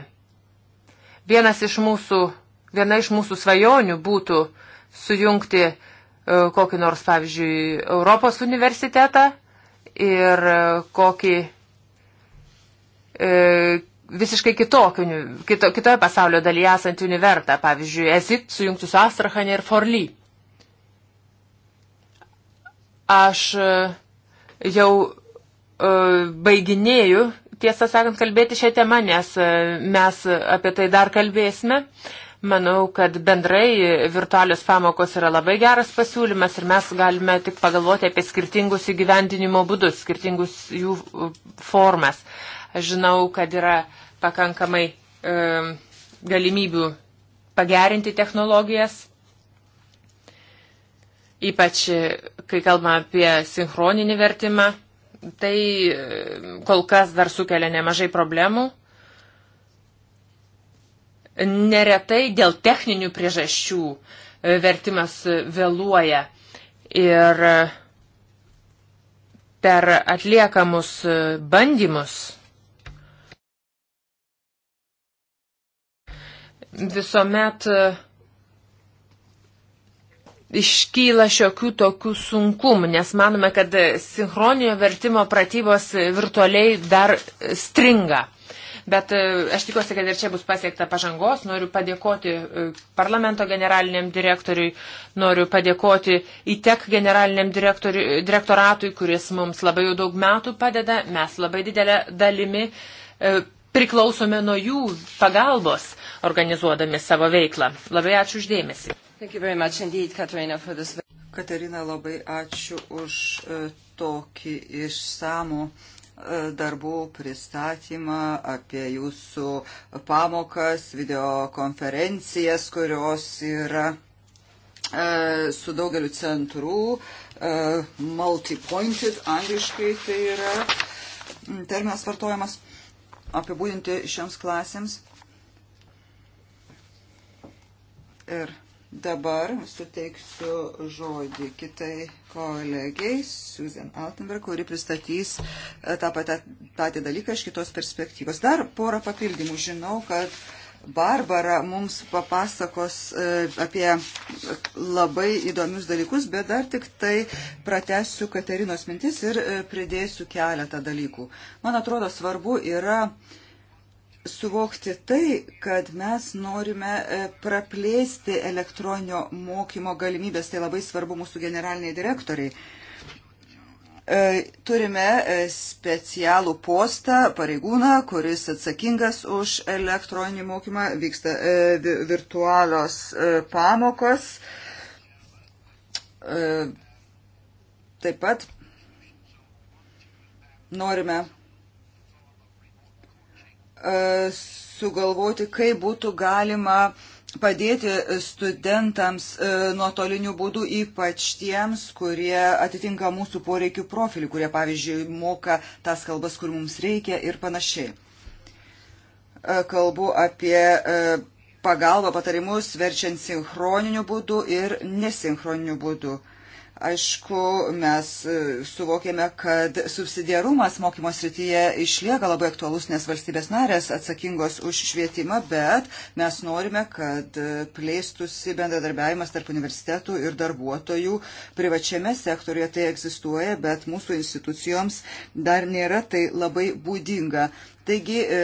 Speaker 3: Vienas iš mūsų, viena iš mūsų svajonių būtų sujungti E, kokį nors, pavyzdžiui, Europos universitetą ir e, kokį e, visiškai kitokį, kito, kitoje pasaulio dalyje esantį univertą, pavyzdžiui, Ezit sujungtų su Astrachanė ir Forly. Aš jau baiginėjau, tiesą sakant, kalbėti šią temą, nes mes apie tai dar kalbėsime. Manau, kad bendrai virtualios pamokos yra labai geras pasiūlymas ir mes galime tik pagalvoti apie skirtingus įgyvendinimo būdus, skirtingus jų e, formas. Aš žinau, kad yra pakankamai e, galimybių pagerinti technologijas, ypač e, kai kalbame apie sinchroninį vertimą. Tai e, kol kas dar sukelia nemažai problemų neretai dėl techninių priežasčių e, vertimas vėluoja ir e, per atliekamus e, bandymus visuomet iškyla šiokių tokių sunkumų, nes manome, kad sinchroninio vertimo pratybos virtualiai dar stringa. Bet e, aš tikiuosi, kad ir čia bus pasiekta pažangos. Noriu padėkoti e, parlamento generaliniam direktoriui, noriu padėkoti ITEK generaliniam direktoratui, kuris mums labai jau daug metų padeda. Mes labai didelę dalimi e, priklausome nuo jų pagalbos organizuodami savo veiklą. Labai ačiū uždėmesi.
Speaker 1: Indeed, Katarina, this... Katarina, labai ačiū už tokį išsamų darbų pristatymą, apie jūsų pamokas, videokonferencijas, kurios yra e, su daugeliu centrų, e, multipointed, angliškai tai yra terminas vartojamas apibūdinti šioms klasėms. Ir Dabar suteiksiu žodį kitai kolegiai, Susan Altenberg, kuri pristatys e, tą patį dalyką iš kitos perspektyvos. Dar porą papildymų. Žinau, kad Barbara mums papasakos e, apie labai įdomius dalykus, bet dar tik tai pratesiu Katerinos mintis ir e, pridėsiu keletą dalykų. Man atrodo, svarbu yra suvokti tai, kad mes norime e, praplėsti elektroninio mokymo galimybės. Tai labai svarbu mūsų generaliniai direktoriai. E, turime e, specialų postą pareigūną, kuris atsakingas už elektroninį mokymą, vyksta virtualios pamokos. Taip pat norime sugalvoti, kaip būtų galima padėti studentams e, nuotoliniu būdu, ypač tiems, kurie atitinka mūsų poreikių profilį, kurie, pavyzdžiui, moka tas kalbas, kur mums reikia ir panašiai. E, kalbu apie e, pagalbą patarimus verčiant sinchroniniu būdu ir nesinchroniniu būdu. Aišku, mes e, suvokėme, kad subsidiarumas mokymo srityje išlieka labai aktualus, nes valstybės narės atsakingos už švietimą, bet mes norime, kad e, plėstusi bendradarbiavimas tarp universitetų ir darbuotojų privačiame sektorėje tai egzistuoja, bet mūsų institucijoms dar nėra tai labai būdinga. Taigi e,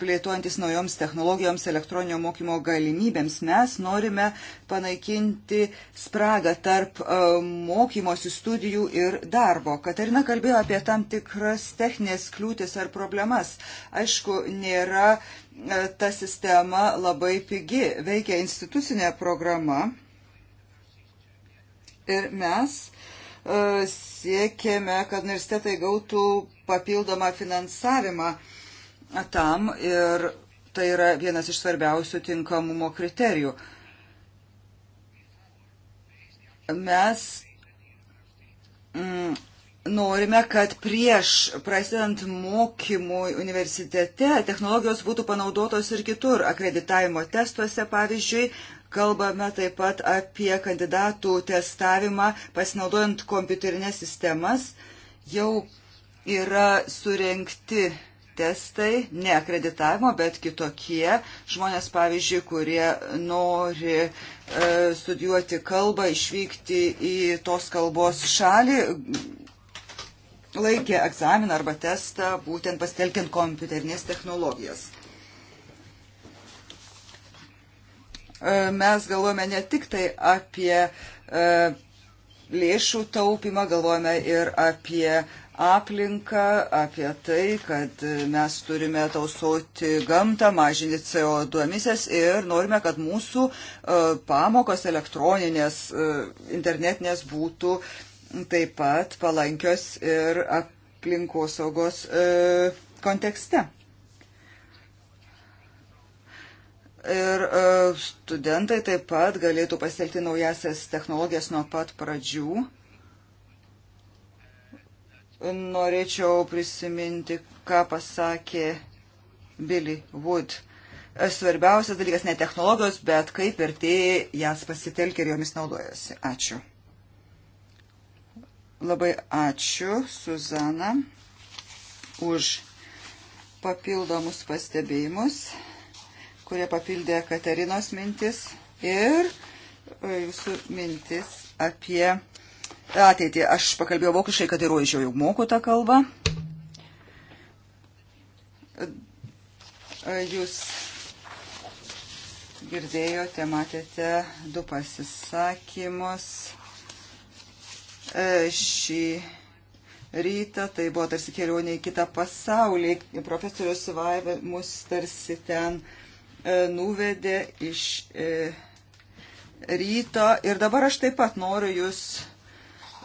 Speaker 1: plėtojantis naujoms technologijoms, elektroninio mokymo galimybėms, mes norime panaikinti spragą tarp e, mokymosi studijų ir darbo. Katarina kalbėjo apie tam tikras techninės kliūtis ar problemas. Aišku, nėra e, ta sistema labai pigi, veikia institucinė programa. Ir mes e, siekėme, kad universitetai gautų papildomą finansavimą uh, tam ir tai yra vienas iš svarbiausių tinkamumo kriterijų. Mes mm, norime, kad prieš prasidant mokymui universitete technologijos būtų panaudotos ir kitur, akreditavimo testuose pavyzdžiui. Kalbame taip pat apie kandidatų testavimą pasinaudojant kompiuterinės sistemas. Jau yra surenkti testai, ne akreditavimo, bet kitokie. Žmonės, pavyzdžiui, kurie nori e, studijuoti kalbą, išvykti į tos kalbos šalį, laikė egzaminą arba testą, būtent pastelkiant kompiuterinės technologijas. E, mes galvojame ne tik tai apie e, lėšų taupimą, galvojame ir apie aplinką, apie tai, kad mes turime tausoti gamtą, mažinti CO2 emisijas ir norime, kad mūsų e, pamokos elektroninės, e, internetinės būtų taip pat palankios ir aplinkosaugos e, kontekste. Ir studentai taip pat galėtų pasitelkti naujasias technologijas nuo pat pradžių norėčiau prisiminti, ką pasakė Billy Wood. Svarbiausias dalykas ne technologijos, bet kaip ir tai jas pasitelkia ir jomis naudojasi. Ačiū. Labai ačiū, Suzana, už papildomus pastebėjimus, kurie papildė Katerinos mintis ir jūsų mintis apie ateitį. Aš pakalbėjau vokiškai, kad ir ruožiau jau moku tą kalbą. Jūs girdėjote, matėte du pasisakymus šį rytą. Tai buvo tarsi kelionė į kitą pasaulį. Profesorius Vaivė mus tarsi ten e, nuvedė iš e, ryto. Ir dabar aš taip pat noriu jūs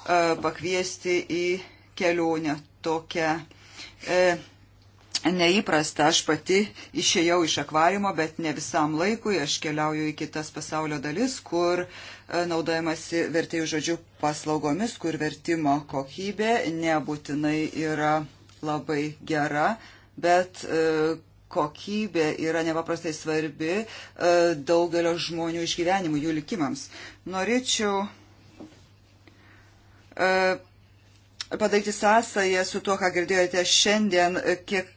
Speaker 1: E, pakviesti į kelionę tokią e, neįprasta. Aš pati išėjau iš akvariumo, bet ne visam laikui. Aš keliauju į kitas pasaulio dalis, kur e, naudojamasi vertėjų žodžių paslaugomis, kur vertimo kokybė nebūtinai yra labai gera, bet e, kokybė yra nepaprastai svarbi daugelio žmonių išgyvenimų, jų likimams. Norėčiau E, padaryti sąsąją su tuo, ką girdėjote šiandien, e, kiek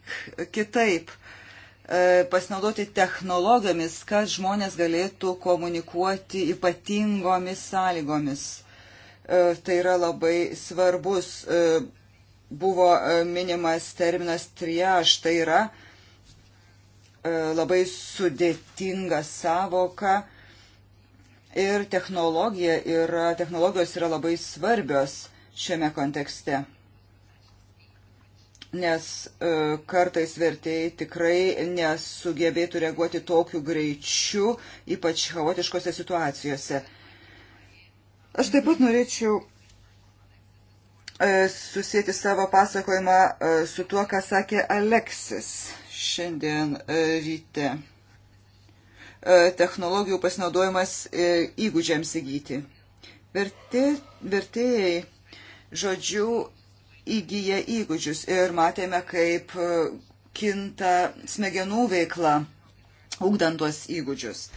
Speaker 1: kitaip e, pasinaudoti technologijomis, kad žmonės galėtų komunikuoti ypatingomis sąlygomis. Tai yra labai svarbus, buvo minimas terminas triaž, tai yra labai sudėtinga savoka, ir technologija yra, technologijos yra labai svarbios šiame kontekste. Nes e, kartais vertėjai tikrai nesugebėtų reaguoti tokiu greičiu, ypač chaotiškose situacijose. Aš taip pat norėčiau e, susijęti savo pasakojimą e, su tuo, ką sakė Aleksis šiandien e, ryte. E, technologijų pasinaudojimas e, įgūdžiams įgyti. Vertė, vertėjai žodžių įgyja įgūdžius ir matėme, kaip e, kinta smegenų veikla, ugdant tuos įgūdžius.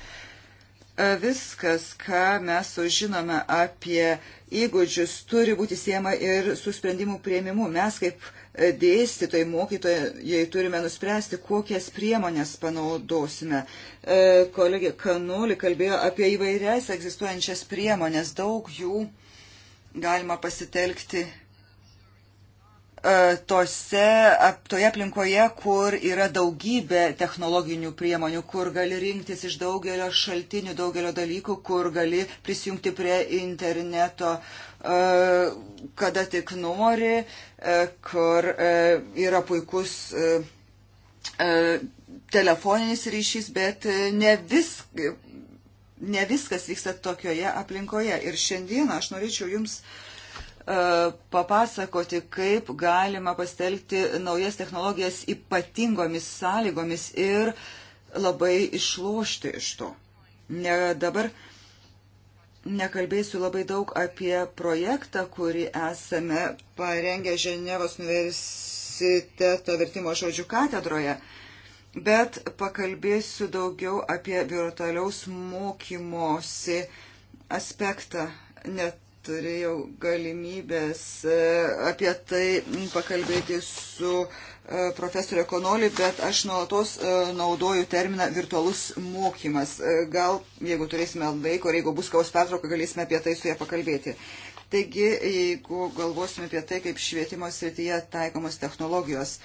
Speaker 1: Viskas, ką mes sužinome apie įgūdžius, turi būti siema ir su sprendimų prieimimu. Mes kaip uh, dėstytojai, mokytojai turime nuspręsti, kokias priemonės panaudosime. E, kolegė Kanuli kalbėjo apie įvairias egzistuojančias priemonės, daug jų galima pasitelkti e, tose, toje aplinkoje, kur yra daugybė technologinių priemonių, kur gali rinktis iš daugelio šaltinių, daugelio dalykų, kur gali prisijungti prie interneto uh, E, kada tik nori, e, kur e, yra puikus telefoninis ryšys, bet ne, vis, ne viskas vyksta tokioje aplinkoje. Ir šiandieną aš norėčiau Jums papasakoti, kaip galima pastelgti naujas technologijas ypatingomis sąlygomis ir labai išlošti iš to. Ne dabar uh, Nekalbėsiu labai daug apie projektą, kurį esame parengę Ženevos universiteto vertimo žodžių katedroje, bet pakalbėsiu daugiau apie virtualiaus mokymosi aspektą. Net turėjau galimybės e, apie tai mm, pakalbėti su e, profesorė Konoli, bet aš nuolatos e, naudoju terminą virtualus mokymas. Gal, jeigu turėsime laiko ir jeigu bus kaus pertrauka, galėsime apie tai su ją pakalbėti. Taigi, jeigu galvosime apie tai, kaip švietimo srityje taikomos technologijos,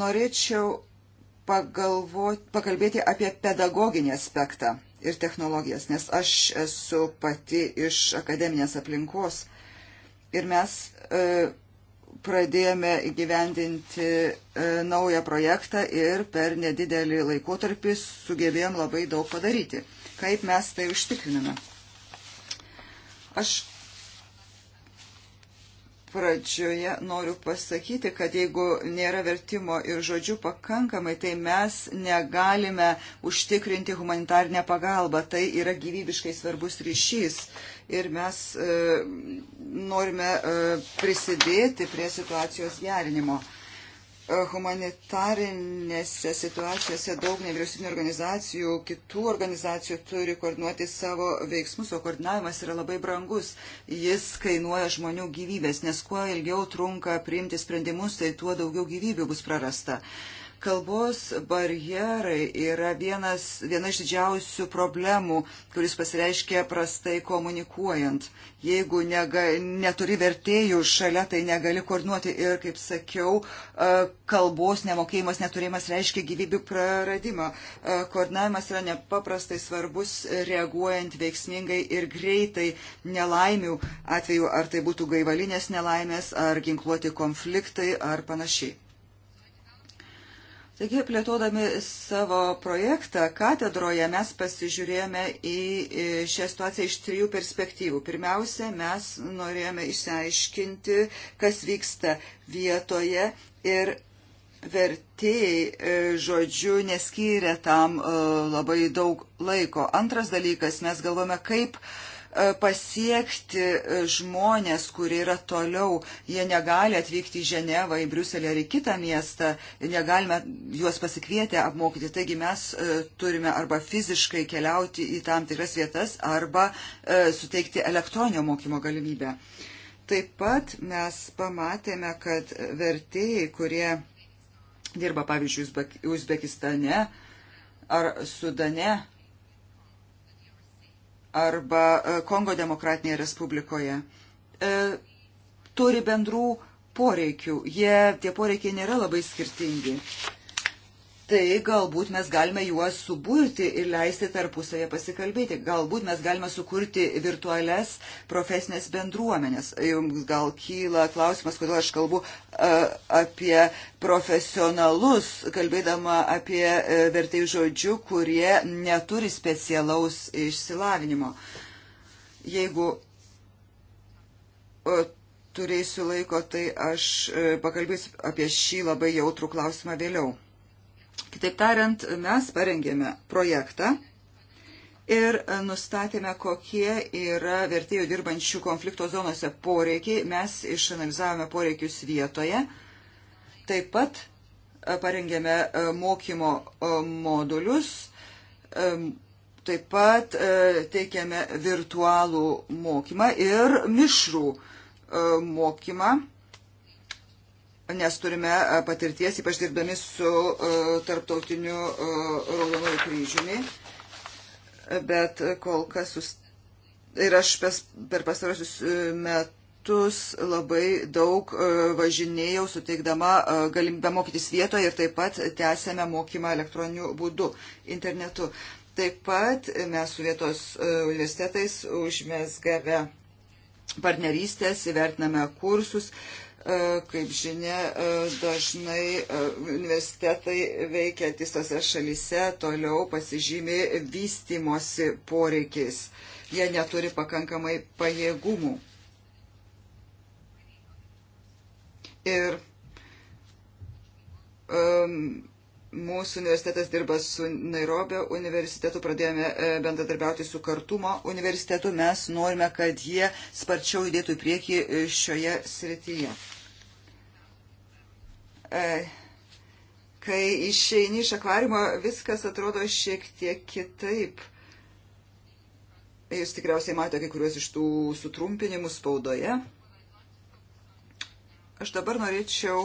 Speaker 1: norėčiau pagalvoti, pakalbėti apie pedagoginį aspektą ir technologijas, nes aš esu pati iš akademinės aplinkos ir mes e, pradėjome gyvendinti e, naują projektą ir per nedidelį laikotarpį sugebėjom labai daug padaryti. Kaip mes tai užtikriname? Aš pradžioje noriu pasakyti, kad jeigu nėra vertimo ir žodžių pakankamai, tai mes negalime užtikrinti humanitarnę pagalbą. Tai yra gyvybiškai svarbus ryšys. Ir mes e, norime e, prisidėti prie situacijos gerinimo. E, humanitarinėse situacijose daug nevyriausybinio organizacijų, kitų organizacijų turi koordinuoti savo veiksmus, o koordinavimas yra labai brangus. Jis kainuoja žmonių gyvybės, nes kuo ilgiau trunka priimti sprendimus, tai tuo daugiau gyvybių bus prarasta. Uh, Kalbos barjerai yra vienas, viena iš didžiausių problemų, kuris pasireiškia prastai komunikuojant. Jeigu nega, neturi vertėjų šalia, tai negali koordinuoti ir, kaip sakiau, e, kalbos nemokėjimas, neturėjimas reiškia gyvybių praradimą. E, koordinavimas yra nepaprastai svarbus, reaguojant veiksmingai ir greitai nelaimių atveju, ar tai būtų gaivalinės nelaimės, ar ginkluoti konfliktai, ar panašiai. Taigi, plėtodami savo projektą katedroje, mes pasižiūrėjome į šią situaciją iš trijų perspektyvų. Pirmiausia, mes norėjome išsiaiškinti, kas vyksta vietoje ir vertėjai e, žodžiu neskyrė tam e, labai daug laiko. Antras dalykas, mes galvome, kaip uh, E, pasiekti e, žmonės, kurie yra toliau, jie negali atvykti į Ženevą, į Briuselį ar į kitą miestą, negalime juos pasikvietę apmokyti. Taigi mes e, turime arba fiziškai keliauti į tam tikras vietas, arba suteikti elektroninio mokymo galimybę. Taip pat mes pamatėme, kad vertėjai, kurie dirba, pavyzdžiui, Uzbekistane ar Sudane, arba e, Kongo demokratinėje respublikoje, e, turi bendrų poreikių. Jie, tie poreikiai nėra labai skirtingi tai galbūt mes galime juos suburti ir leisti tarpusavėje pasikalbėti. Galbūt mes galime sukurti virtualias profesinės bendruomenės. Jums gal kyla klausimas, kodėl aš kalbu e, apie profesionalus, kalbėdama apie e, vertai žodžių, kurie neturi specialaus išsilavinimo. Jeigu e, turėsiu laiko, tai aš pakalbėsiu apie šį labai jautrų klausimą vėliau. Kitaip tariant, mes parengėme projektą ir nustatėme, kokie yra vertėjų dirbančių konflikto zonose poreikiai. Mes išanalizavome poreikius vietoje. Taip pat e, parengėme e, mokymo e, modulius. Taip pat teikiame virtualų mokymą ir mišrų mokymą nes turime e, patirties, ypač dirbdami su e, tarptautiniu e, raudonoju kryžiumi, bet kol kas sus... ir aš per pastarosius metus labai daug važinėjau, suteikdama galimybę mokytis vietoje ir taip pat tęsėme mokymą elektroniniu būdu internetu. Taip pat mes su vietos universitetais užmesgame partnerystės, įvertiname kursus, E, kaip žinia, e, dažnai e, universitetai veikiantys tose šalise toliau pasižymi vystimosi poreikiais. Jie neturi pakankamai pajėgumų. Ir um, mūsų universitetas dirba su Nairobio universitetu, pradėjome bendradarbiauti su Kartumo universitetu, mes norime, kad jie sparčiau judėtų į priekį šioje srityje. E, kai išeini iš akvariumo, viskas atrodo šiek tiek kitaip. Jūs tikriausiai matėte kai kuriuos iš tų sutrumpinimų spaudoje. Aš dabar norėčiau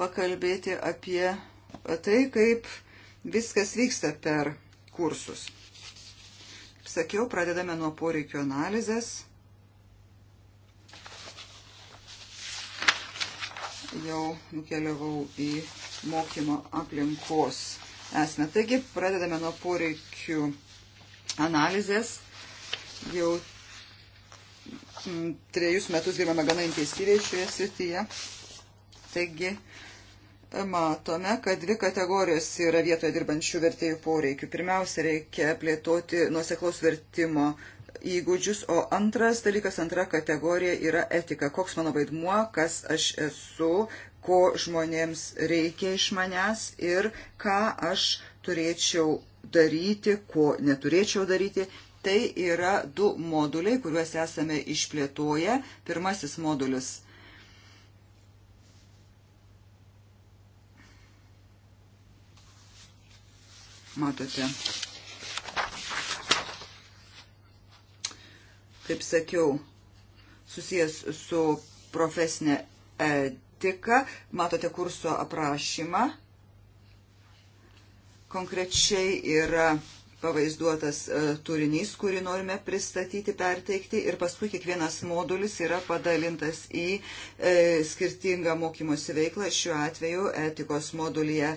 Speaker 1: pakalbėti apie tai, kaip viskas vyksta per kursus. Kaip sakiau, pradedame nuo poreikio analizės jau nukeliavau į mokymo aplinkos esmę. Taigi, pradedame nuo poreikių analizės. Jau mm, trejus metus dirbame gana intensyviai šioje srityje. Taigi, matome, kad dvi kategorijos yra vietoje dirbančių vertėjų poreikių. Pirmiausia, reikia plėtoti nuoseklaus vertimo įgūdžius, o antras dalykas, antra kategorija yra etika. Koks mano vaidmuo, kas aš esu, ko žmonėms reikia iš manęs ir ką aš turėčiau daryti, ko neturėčiau daryti. Tai yra du moduliai, kuriuos esame išplėtoję. Pirmasis modulis matote kaip sakiau, susijęs su profesinė etika. Matote kurso aprašymą. Konkrečiai yra pavaizduotas e, turinys, kurį norime pristatyti, perteikti ir paskui kiekvienas modulis yra padalintas į e, skirtingą mokymosi veiklą. Šiuo atveju etikos modulyje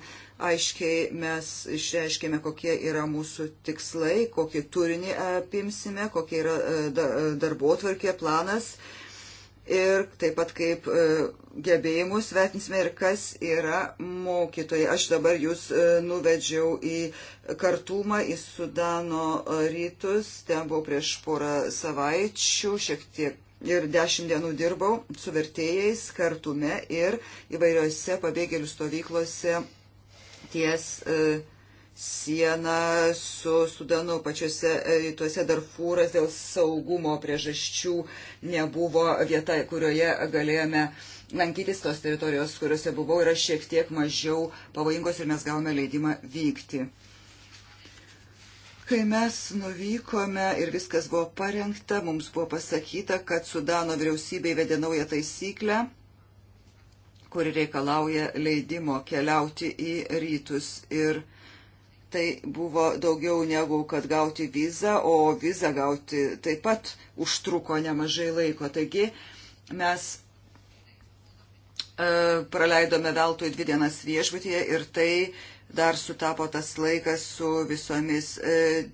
Speaker 1: aiškiai mes išreiškėme, kokie yra mūsų tikslai, kokį turinį apimsime, kokie yra e, darbo tvarkė, planas. planas ir taip pat kaip e, gebėjimus vertinsime ir kas yra mokytojai. Aš dabar jūs e, nuvedžiau į kartumą, į Sudano e, rytus, ten buvau prieš porą savaičių, šiek tiek ir dešimt dienų dirbau su vertėjais kartume ir įvairiose pabėgėlių stovyklose ties uh, sieną su Sudanu pačiuose rytuose e, Darfūras dėl saugumo priežasčių nebuvo vieta, kurioje galėjome lankytis tos teritorijos, kuriuose buvau, yra šiek tiek mažiau pavojingos ir mes gavome leidimą vykti. Kai mes nuvykome ir viskas buvo parengta, mums buvo pasakyta, kad Sudano vyriausybė įvedė naują taisyklę kuri reikalauja leidimo keliauti į rytus ir rytus tai buvo daugiau negu kad gauti vizą, o vizą gauti taip pat užtruko nemažai laiko. Taigi mes e, praleidome veltui dvi dienas viešbutyje ir tai dar sutapo tas laikas su visomis e,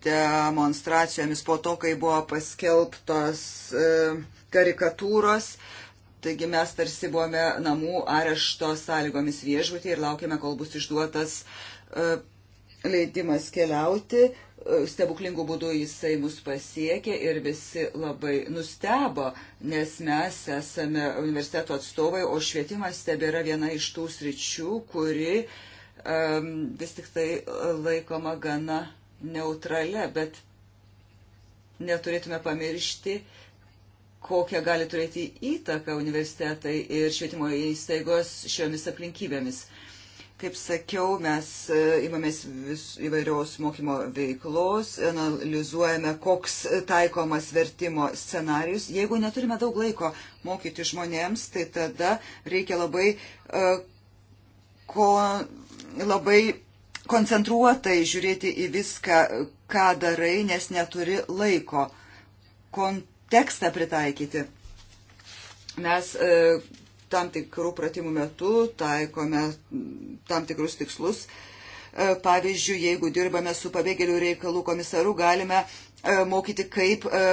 Speaker 1: demonstracijomis po to, kai buvo paskelbtos e, karikatūros. Taigi mes tarsi buvome namų arešto sąlygomis viešbutį ir laukėme, kol bus išduotas e, leidimas keliauti, e, stebuklingų būdų jisai mus pasiekė ir visi labai nustebo, nes mes esame universiteto atstovai, o švietimas tebėra viena iš tų sričių, kuri um, vis tik tai laikoma gana neutralia, bet neturėtume pamiršti, kokią gali turėti įtaką universitetai ir švietimo įstaigos šiomis aplinkybėmis. Uh, Kaip sakiau, mes e, imamės vis įvairiaus mokymo veiklos, analizuojame, koks taikomas vertimo scenarius. Jeigu neturime daug laiko mokyti žmonėms, tai tada reikia labai, e, ko, labai koncentruotai žiūrėti į viską, ką darai, nes neturi laiko kontekstą pritaikyti. Mes e, tam tikrų pratimų metu taikome tam tikrus tikslus. E, pavyzdžiui, jeigu dirbame su pabėgėlių reikalų komisaru, galime e, mokyti, kaip e,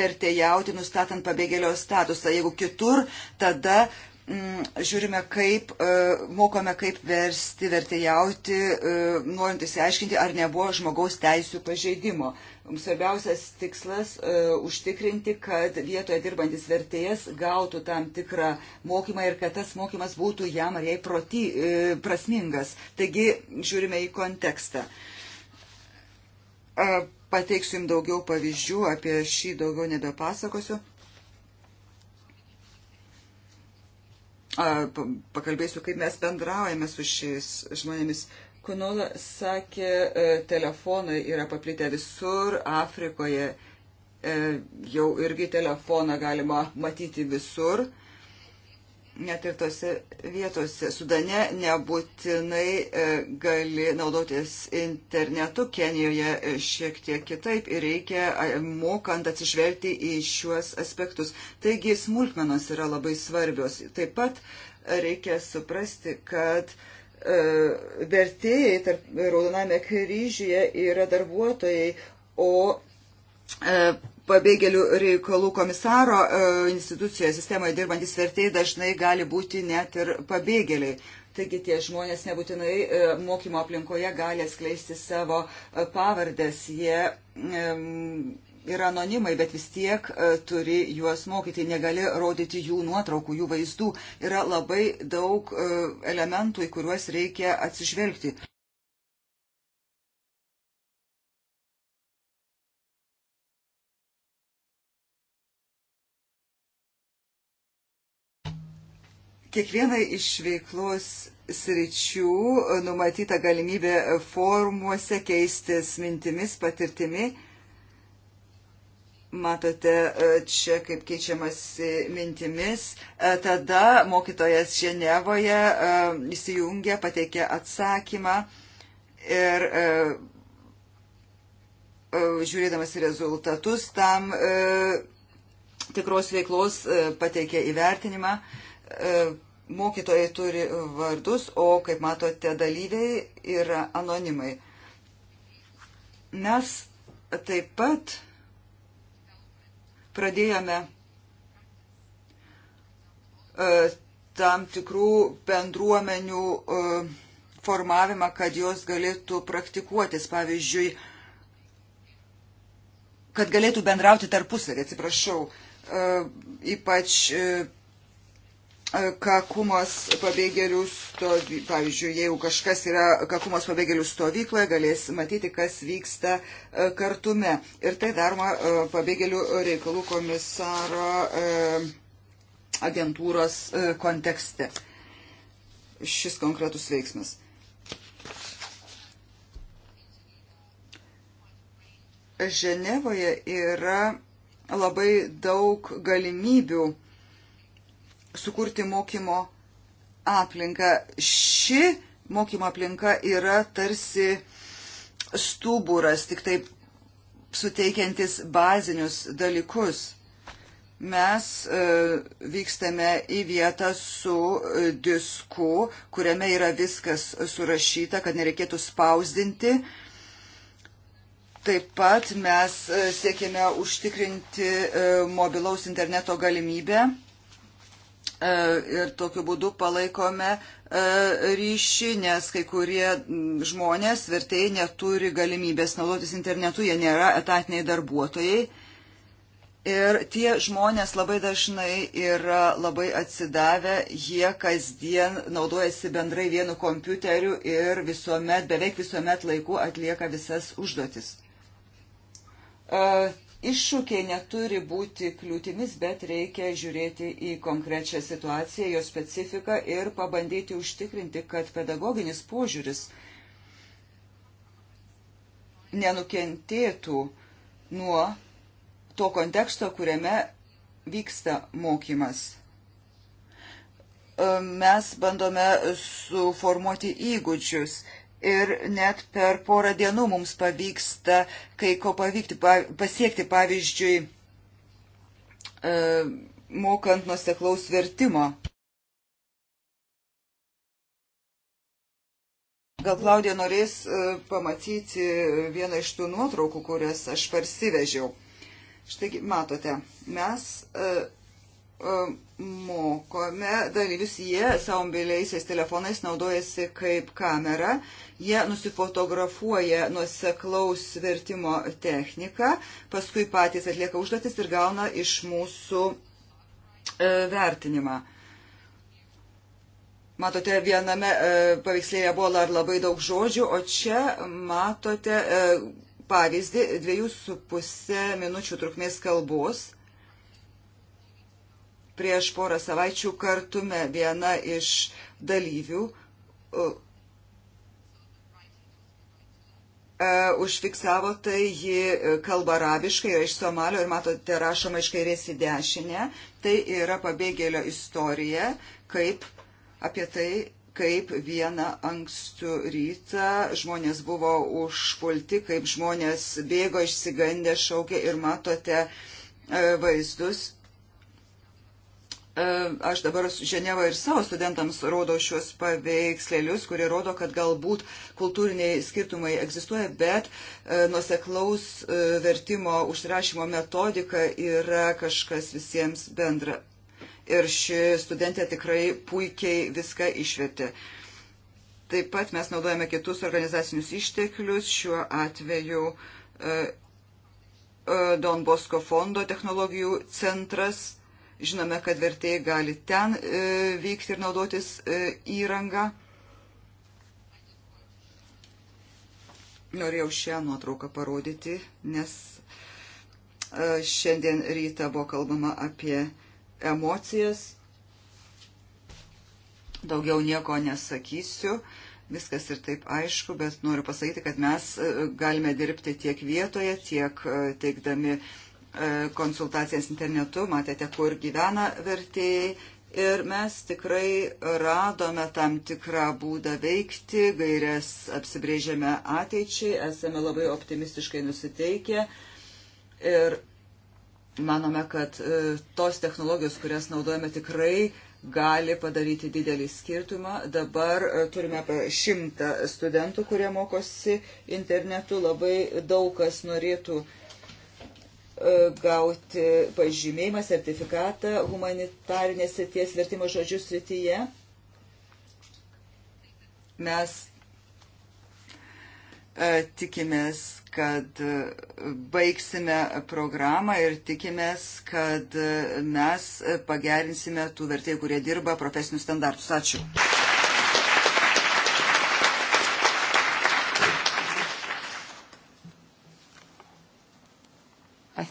Speaker 1: vertėjauti, nustatant pabėgėlio statusą. Jeigu kitur, tada mm, žiūrime, kaip mokome, kaip versti, vertėjauti, norint įsiaiškinti, ar nebuvo žmogaus teisų pažeidimo. Svarbiausias tikslas e, - užtikrinti, kad vietoje dirbantis vertėjas gautų tam tikrą mokymą ir kad tas mokymas būtų jam ar jai proti, e, prasmingas. Taigi, žiūrime į kontekstą. E, pateiksiu jums daugiau pavyzdžių, apie šį daugiau nebepasakosiu. Pakalbėsiu, kaip mes bendraujame su šiais žmonėmis. Kunola sakė, e, telefonai yra paplitę visur, Afrikoje e, jau irgi telefoną galima matyti visur. Net ir tose vietose Sudane nebūtinai e, gali naudotis internetu, Kenijoje šiek tiek kitaip ir reikia mokant atsižvelgti į šiuos aspektus. Taigi smulkmenos yra labai svarbios. Taip pat reikia suprasti, kad uh, E, vertėjai tarp Raudoname kryžyje yra darbuotojai, o e, pabėgėlių reikalų komisaro e, institucijoje sistemoje dirbantis vertėjai dažnai gali būti net ir pabėgėliai. Taigi tie žmonės nebūtinai mokymo aplinkoje gali atskleisti savo pavardės. Jie yra anonimai, bet vis tiek e, turi juos mokyti, negali rodyti jų nuotraukų, jų vaizdų. Yra labai daug e, elementų, į kuriuos reikia atsižvelgti. Kiekvienai iš veiklos sričių numatyta galimybė formuose keistis mintimis, patirtimi Matote e, čia kaip keičiamas mintimis. E, tada mokytojas Ženevoje e, įsijungia, pateikia atsakymą ir žiūrėdamas rezultatus tam tikros veiklos pateikia įvertinimą. Mokytojai turi vardus, o, kaip matote, dalyviai yra anonimai. Mes taip pat pradėjome e, tam tikrų bendruomenių e, formavimą, kad jos galėtų praktikuotis, pavyzdžiui, kad galėtų bendrauti tarpusavį, atsiprašau, e, ypač Kakumos pabėgėlių stovykloje, pavyzdžiui, jeigu kažkas yra Kakumos pabėgėlių stovykloje, galės matyti, kas vyksta e, kartume. Ir tai daroma e, pabėgėlių reikalų komisaro e, agentūros kontekste. Šis konkretus veiksmas. Ženevoje yra labai daug galimybių sukurti mokymo aplinką. Ši mokymo aplinka yra tarsi stuburas, tik taip suteikiantis bazinius dalykus. Mes e, vykstame į vietą su e, disku, kuriame yra viskas surašyta, kad nereikėtų spausdinti. Taip pat mes e, siekime užtikrinti mobilaus interneto galimybę E, ir tokiu būdu palaikome e, ryšį, nes kai kurie žmonės, vertėjai neturi galimybės naudotis internetu, jie nėra etatiniai darbuotojai. Ir tie žmonės labai dažnai yra labai atsidavę, jie kasdien naudojasi bendrai vienu kompiuteriu ir visuomet, beveik visuomet laiku atlieka visas užduotis. E, Iššūkiai neturi būti kliūtimis, bet reikia žiūrėti į konkrečią situaciją, jo specifiką ir pabandyti užtikrinti, kad pedagoginis požiūris nenukentėtų nuo to konteksto, kuriame vyksta mokymas mes bandome suformuoti įgūdžius ir net per porą dienų mums pavyksta kai ko pavykti, pasiekti, pavyzdžiui, e, mokant nuseklaus vertimo. Gal Klaudija norės e, pamatyti vieną iš tų nuotraukų, kurias aš parsivežiau. Štai matote, mes e, mokome dalyvius, jie savo mobiliaisiais telefonais naudojasi kaip kamera, jie nusifotografuoja nuoseklaus vertimo techniką, paskui patys atlieka užduotis ir gauna iš mūsų e, vertinimą. Matote, viename e, paveikslėje buvo dar labai daug žodžių, o čia matote e, pavyzdį dviejų su pusė minučių trukmės kalbos Prieš porą savaičių kartume viena iš dalyvių e, užfiksavo tai, ji kalba arabiškai, yra iš Somalio ir matote rašoma iš kairės į dešinę. Tai yra pabėgėlio istorija, kaip apie tai, kaip vieną ankstų rytą žmonės buvo užpulti, kaip žmonės bėgo išsigandę, šaukė ir matote e, vaizdus E, aš dabar Ženeva ir savo studentams rodo šios paveikslėlius, kurie rodo, kad galbūt kultūriniai skirtumai egzistuoja, bet e, nuseklaus e, vertimo užsirašymo metodika yra kažkas visiems bendra. Ir ši studentė tikrai puikiai viską išvietė. Taip pat mes naudojame kitus organizacinius išteklius, šiuo atveju Don Bosko fondo technologijų centras Žinome, kad vertėjai gali ten e, vykti ir naudotis e, įrangą. Norėjau šią nuotrauką parodyti, nes e, šiandien rytą buvo kalbama apie emocijas. Daugiau nieko nesakysiu viskas ir taip aišku, bet noriu pasakyti, kad mes galime dirbti tiek vietoje, tiek teikdami E, konsultacijas internetu, matėte, kur gyvena vertėjai. Ir mes tikrai radome tam tikrą būdą veikti, gairias apsibrėžėme ateičiai, esame labai optimistiškai nusiteikę ir manome, kad e, tos technologijos, kurias naudojame, tikrai gali padaryti didelį skirtumą. Dabar e, turime apie šimtą studentų, kurie mokosi internetu. Labai daug kas norėtų gauti pažymėjimą, sertifikatą humanitarinės srities vertimo žodžių srityje. Mes e, tikimės, kad e, baigsime programą ir tikimės, kad e, mes pagerinsime tų vertėjų, kurie dirba profesinius standartus. Ačiū.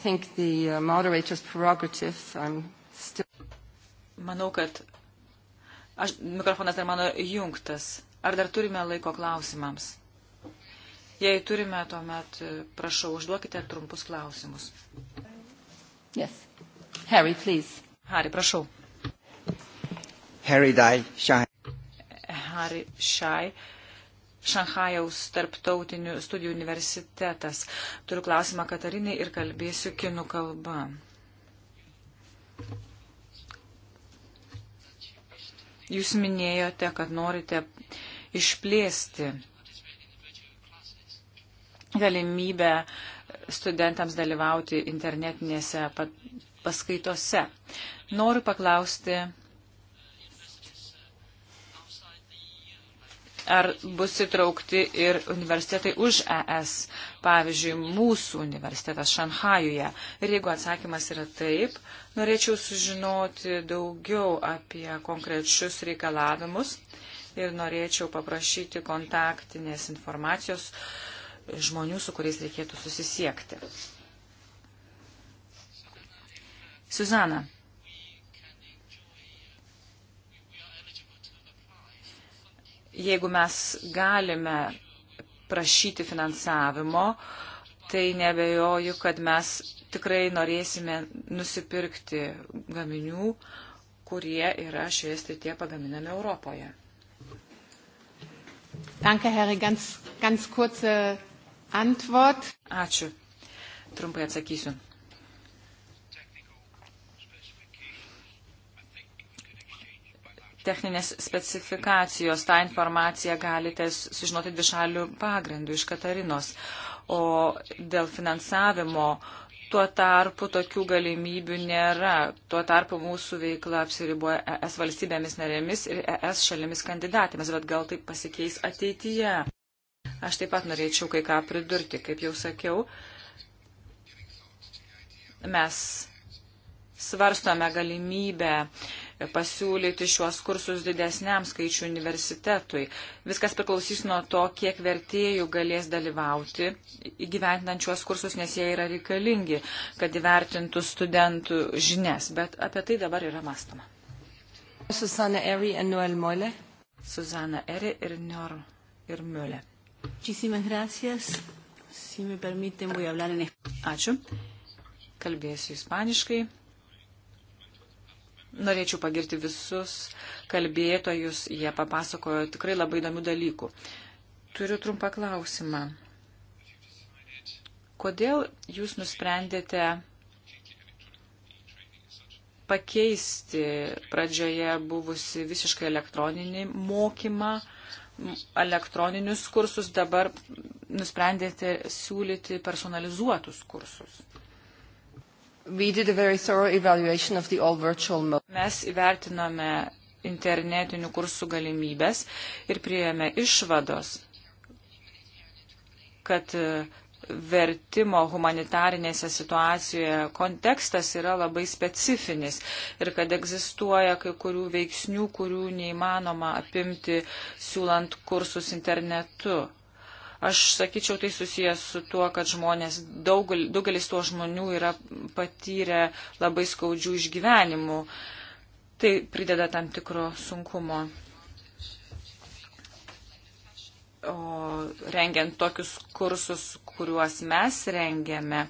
Speaker 1: think the uh, moderator's prerogative, I'm um, still...
Speaker 2: Manau, kad aš, mikrofonas dar mano jungtas. Ar dar turime laiko klausimams? Jei turime, tuomet e, prašau, užduokite trumpus klausimus. Yes. Harry, please. Harry, prašau.
Speaker 1: Harry Dai Shai.
Speaker 2: Harry Shai. Šanhajaus tarptautinių studijų universitetas. Turiu klausimą Katarinai ir kalbėsiu kinų kalba. Jūs minėjote, kad norite išplėsti galimybę studentams dalyvauti internetinėse paskaitose. Noriu paklausti, ar bus įtraukti ir universitetai už ES, pavyzdžiui, mūsų universitetas Šanhajuje. Ir jeigu atsakymas yra taip, norėčiau sužinoti daugiau apie konkrečius reikalavimus ir norėčiau paprašyti kontaktinės informacijos žmonių, su kuriais reikėtų susisiekti. Suzana. jeigu mes galime prašyti finansavimo, tai nebejoju, kad mes tikrai norėsime nusipirkti gaminių, kurie yra šioje srityje pagaminami Europoje.
Speaker 3: Danke, Herr, ganz, ganz kurze Antwort.
Speaker 2: Ačiū. Trumpai atsakysiu. techninės specifikacijos. Ta informacija galite sužinoti dvišalių pagrindų iš Katarinos. O dėl finansavimo tuo tarpu tokių galimybių nėra. Tuo tarpu mūsų veikla apsiriboja ES valstybėmis narėmis ir ES šalimis kandidatėmis, bet gal tai pasikeis ateityje. Aš taip pat norėčiau kai ką pridurti, kaip jau sakiau. Mes svarstome galimybę uh, pasiūlyti šiuos kursus didesniam skaičiu universitetui. Viskas priklausys nuo to, kiek vertėjų galės dalyvauti įgyventinant šiuos kursus, nes jie yra reikalingi, kad įvertintų studentų žinias. Bet apie tai dabar yra mastama. Susana Eri ir Noel Mole. Susana Eri ir Nor ir Mule. Ačiū. Kalbėsiu ispaniškai. Norėčiau pagirti visus kalbėtojus, jie papasakojo tikrai labai įdomių dalykų. Turiu trumpą klausimą. Kodėl jūs nusprendėte pakeisti pradžioje buvusi visiškai elektroninį mokymą, elektroninius kursus, dabar nusprendėte siūlyti personalizuotus
Speaker 1: kursus? Mes
Speaker 2: įvertinome internetinių kursų galimybės ir prieėmė išvados, kad e, vertimo humanitarinėse situacijoje kontekstas yra labai specifinis ir kad egzistuoja kai kurių veiksnių, kurių neįmanoma apimti siūlant kursus internetu. Aš sakyčiau, tai susijęs su tuo, kad žmonės, daugel, daugelis tuo žmonių yra patyrę labai skaudžių išgyvenimų. Tai prideda tam tikro sunkumo. O rengiant tokius kursus, kuriuos mes rengiame,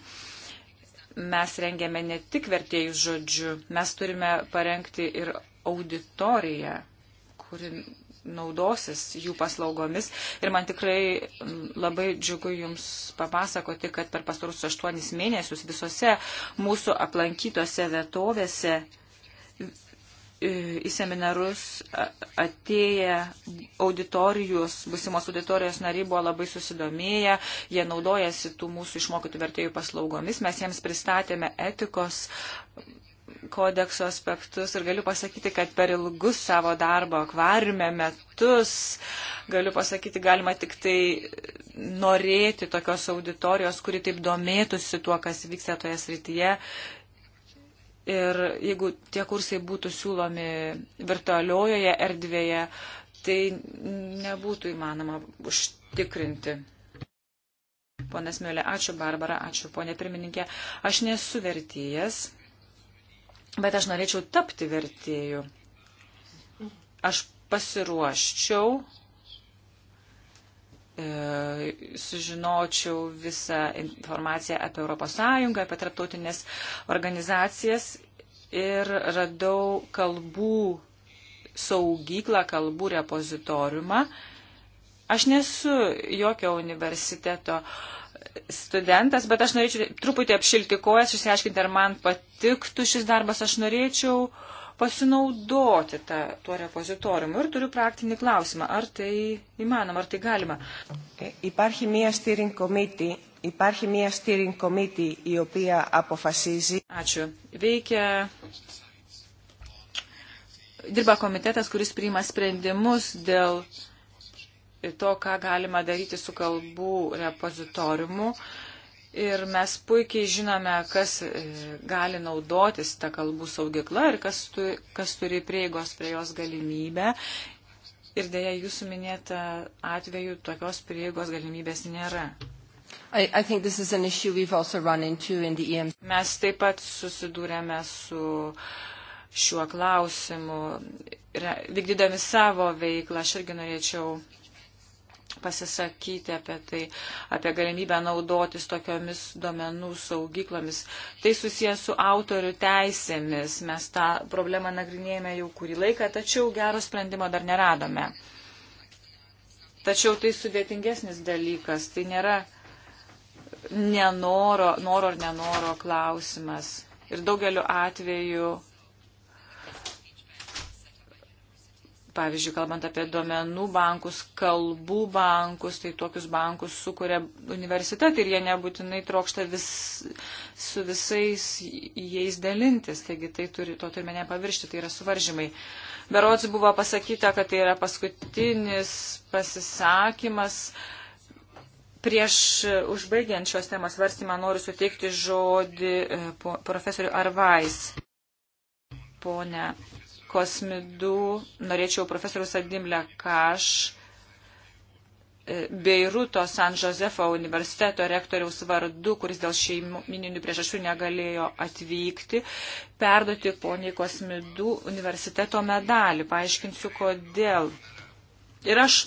Speaker 2: mes rengiame ne tik vertėjus žodžiu, mes turime parengti ir auditoriją, kuri naudosis jų paslaugomis. Ir man tikrai labai džiugu Jums papasakoti, kad per pastarusius aštuonis mėnesius visose mūsų aplankytose vietovėse į seminarus atėję auditorijos, busimos auditorijos nariai buvo labai susidomėję, jie naudojasi tų mūsų išmokytų vertėjų paslaugomis, mes jiems pristatėme etikos kodekso aspektus ir galiu pasakyti, kad per ilgus savo darbo akvariume metus, galiu pasakyti, galima tik tai norėti tokios auditorijos, kuri taip domėtųsi tuo, kas vyksta toje srityje. Ir jeigu tie kursai būtų siūlomi virtualiojoje erdvėje, tai nebūtų įmanoma užtikrinti. Ponas Miulė, ačiū Barbara, ačiū ponė pirmininkė. Aš nesu vertėjas bet aš norėčiau tapti vertėju. Aš pasiruoščiau, e, sužinočiau visą informaciją apie ES, apie tarptautinės organizacijas ir radau kalbų saugyklą, kalbų repozitoriumą. Aš nesu jokio universiteto studentas, bet aš norėčiau truputį apšilti kojas, išsiaiškinti, ar man patiktų šis darbas, aš norėčiau pasinaudoti tą, tuo repozitoriumu ir turiu praktinį klausimą, ar tai įmanoma, ar tai galima. E, υπάρχει μία steering committee, υπάρχει μία steering committee η οποία αποφασίζει. Ačiū. Veikia. Dirba komitetas, kuris priima sprendimus dėl to, ką galima daryti su kalbų repozitoriumu. Ir mes puikiai žinome, kas e, gali naudotis tą kalbų saugikla ir kas, tu, kas turi prieigos prie jos galimybę. Ir dėja, jūsų minėta atveju tokios prieigos galimybės nėra.
Speaker 3: I, I in e
Speaker 2: mes taip pat susidūrėme su šiuo klausimu, vykdydami savo veiklą. Aš irgi norėčiau pasisakyti apie tai, apie galimybę naudotis tokiomis duomenų saugyklomis. Tai susijęs su autorių teisėmis. Mes tą problemą nagrinėjame jau kurį laiką, tačiau gero sprendimo dar neradome. Tačiau tai sudėtingesnis dalykas. Tai nėra nenoro, noro ar nenoro klausimas. Ir daugeliu atveju pavyzdžiui, kalbant apie duomenų bankus, kalbų bankus, tai tokius bankus sukuria universitetai ir jie nebūtinai trokšta vis, su visais jais dalintis, taigi tai turi, to turime nepaviršti, tai yra suvaržymai. Berods buvo pasakyta, kad tai yra paskutinis pasisakymas. Prieš užbaigiant šios temos varstymą noriu suteikti žodį e, profesoriui Arvais. Pone kosmidų, norėčiau profesorius Adimle Kaš, e, Beiruto San Josefo universiteto rektoriaus vardu, kuris dėl šeimininių priežasčių negalėjo atvykti, perduoti poniai Kosmidų universiteto medalį. Paaiškinsiu, kodėl. Ir aš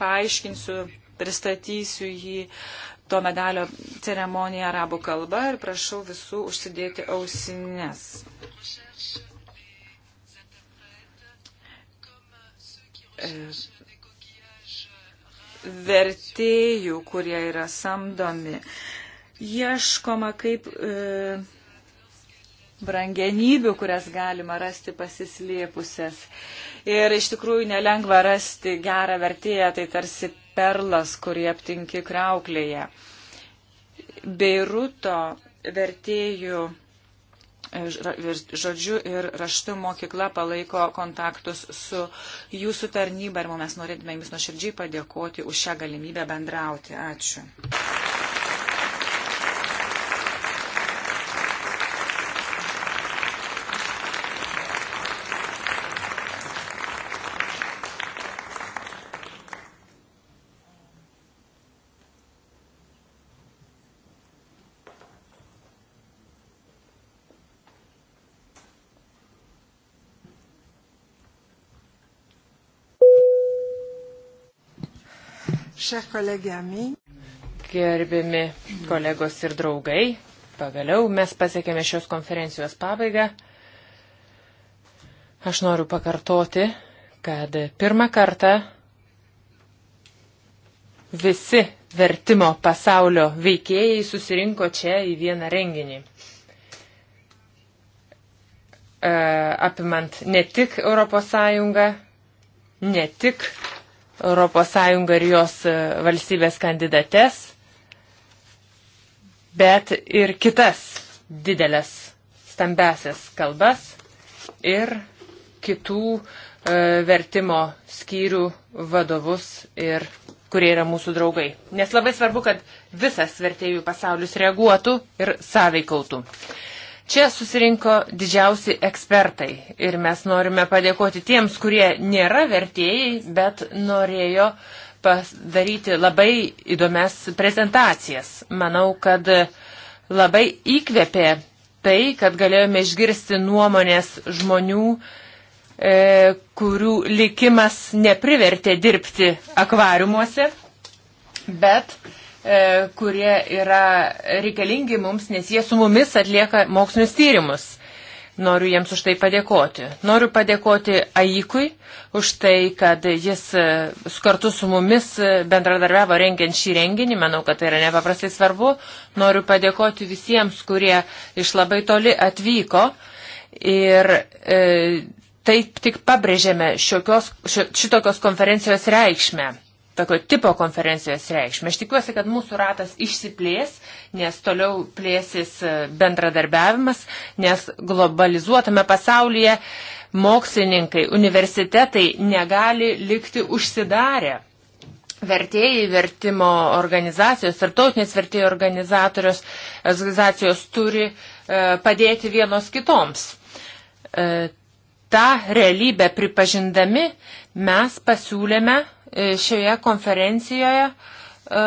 Speaker 2: paaiškinsiu, pristatysiu jį to medalio ceremoniją arabų kalba ir prašau visų užsidėti ausines. vertėjų, kurie yra samdomi. Ieškoma kaip e, brangenybių, kurias galima rasti pasislėpusias. Ir iš tikrųjų nelengva rasti gerą vertėją, tai tarsi perlas, kurį aptinki krauklėje. Beiruto vertėjų žodžiu ir raštu mokykla palaiko kontaktus su jūsų tarnyba ir mes norėtume jums nuoširdžiai padėkoti už šią galimybę bendrauti. Ačiū.
Speaker 1: Gerbiami
Speaker 3: kolegos ir draugai, pagaliau mes pasiekėme šios konferencijos pabaigą. Aš noriu pakartoti, kad pirmą kartą visi vertimo pasaulio veikėjai susirinko čia į vieną renginį e, apimant ne tik ES, ne tik ES ir jos e, valstybės kandidates, bet ir kitas didelės stambesias kalbas ir kitų e, vertimo skyrių vadovus ir kurie yra mūsų draugai. Nes labai svarbu, kad visas vertėjų pasaulis reaguotų ir sąveikautų. Čia susirinko didžiausi ekspertai ir mes norime padėkoti tiems, kurie nėra vertėjai, bet norėjo padaryti labai įdomias prezentacijas. Manau, kad labai įkvėpė tai, kad galėjome išgirsti nuomonės žmonių, e, kurių likimas neprivertė dirbti akvariumuose, bet e, E, kurie yra reikalingi mums, nes jie su mumis atlieka mokslinius tyrimus. Noriu jiems už tai padėkoti. Noriu padėkoti Aikui už tai, kad jis e, kartu su mumis e, bendradarbiavo rengiant šį renginį. Manau, kad tai yra nepaprastai svarbu. Noriu padėkoti visiems, kurie iš labai toli atvyko. Ir e, taip tik pabrėžėme šiokios, šitokios konferencijos reikšmę tokio tipo konferencijos reikšmę. Aš tikiuosi, kad mūsų ratas išsiplės, nes toliau plėsis e, bendradarbiavimas, nes globalizuotame pasaulyje mokslininkai, universitetai negali likti užsidarę. Vertėjai, vertimo organizacijos, tarptautinės vertėjų organizacijos turi e, padėti vienos kitoms. E, Ta realybė pripažindami mes pasiūlėme E, šioje konferencijoje e, e,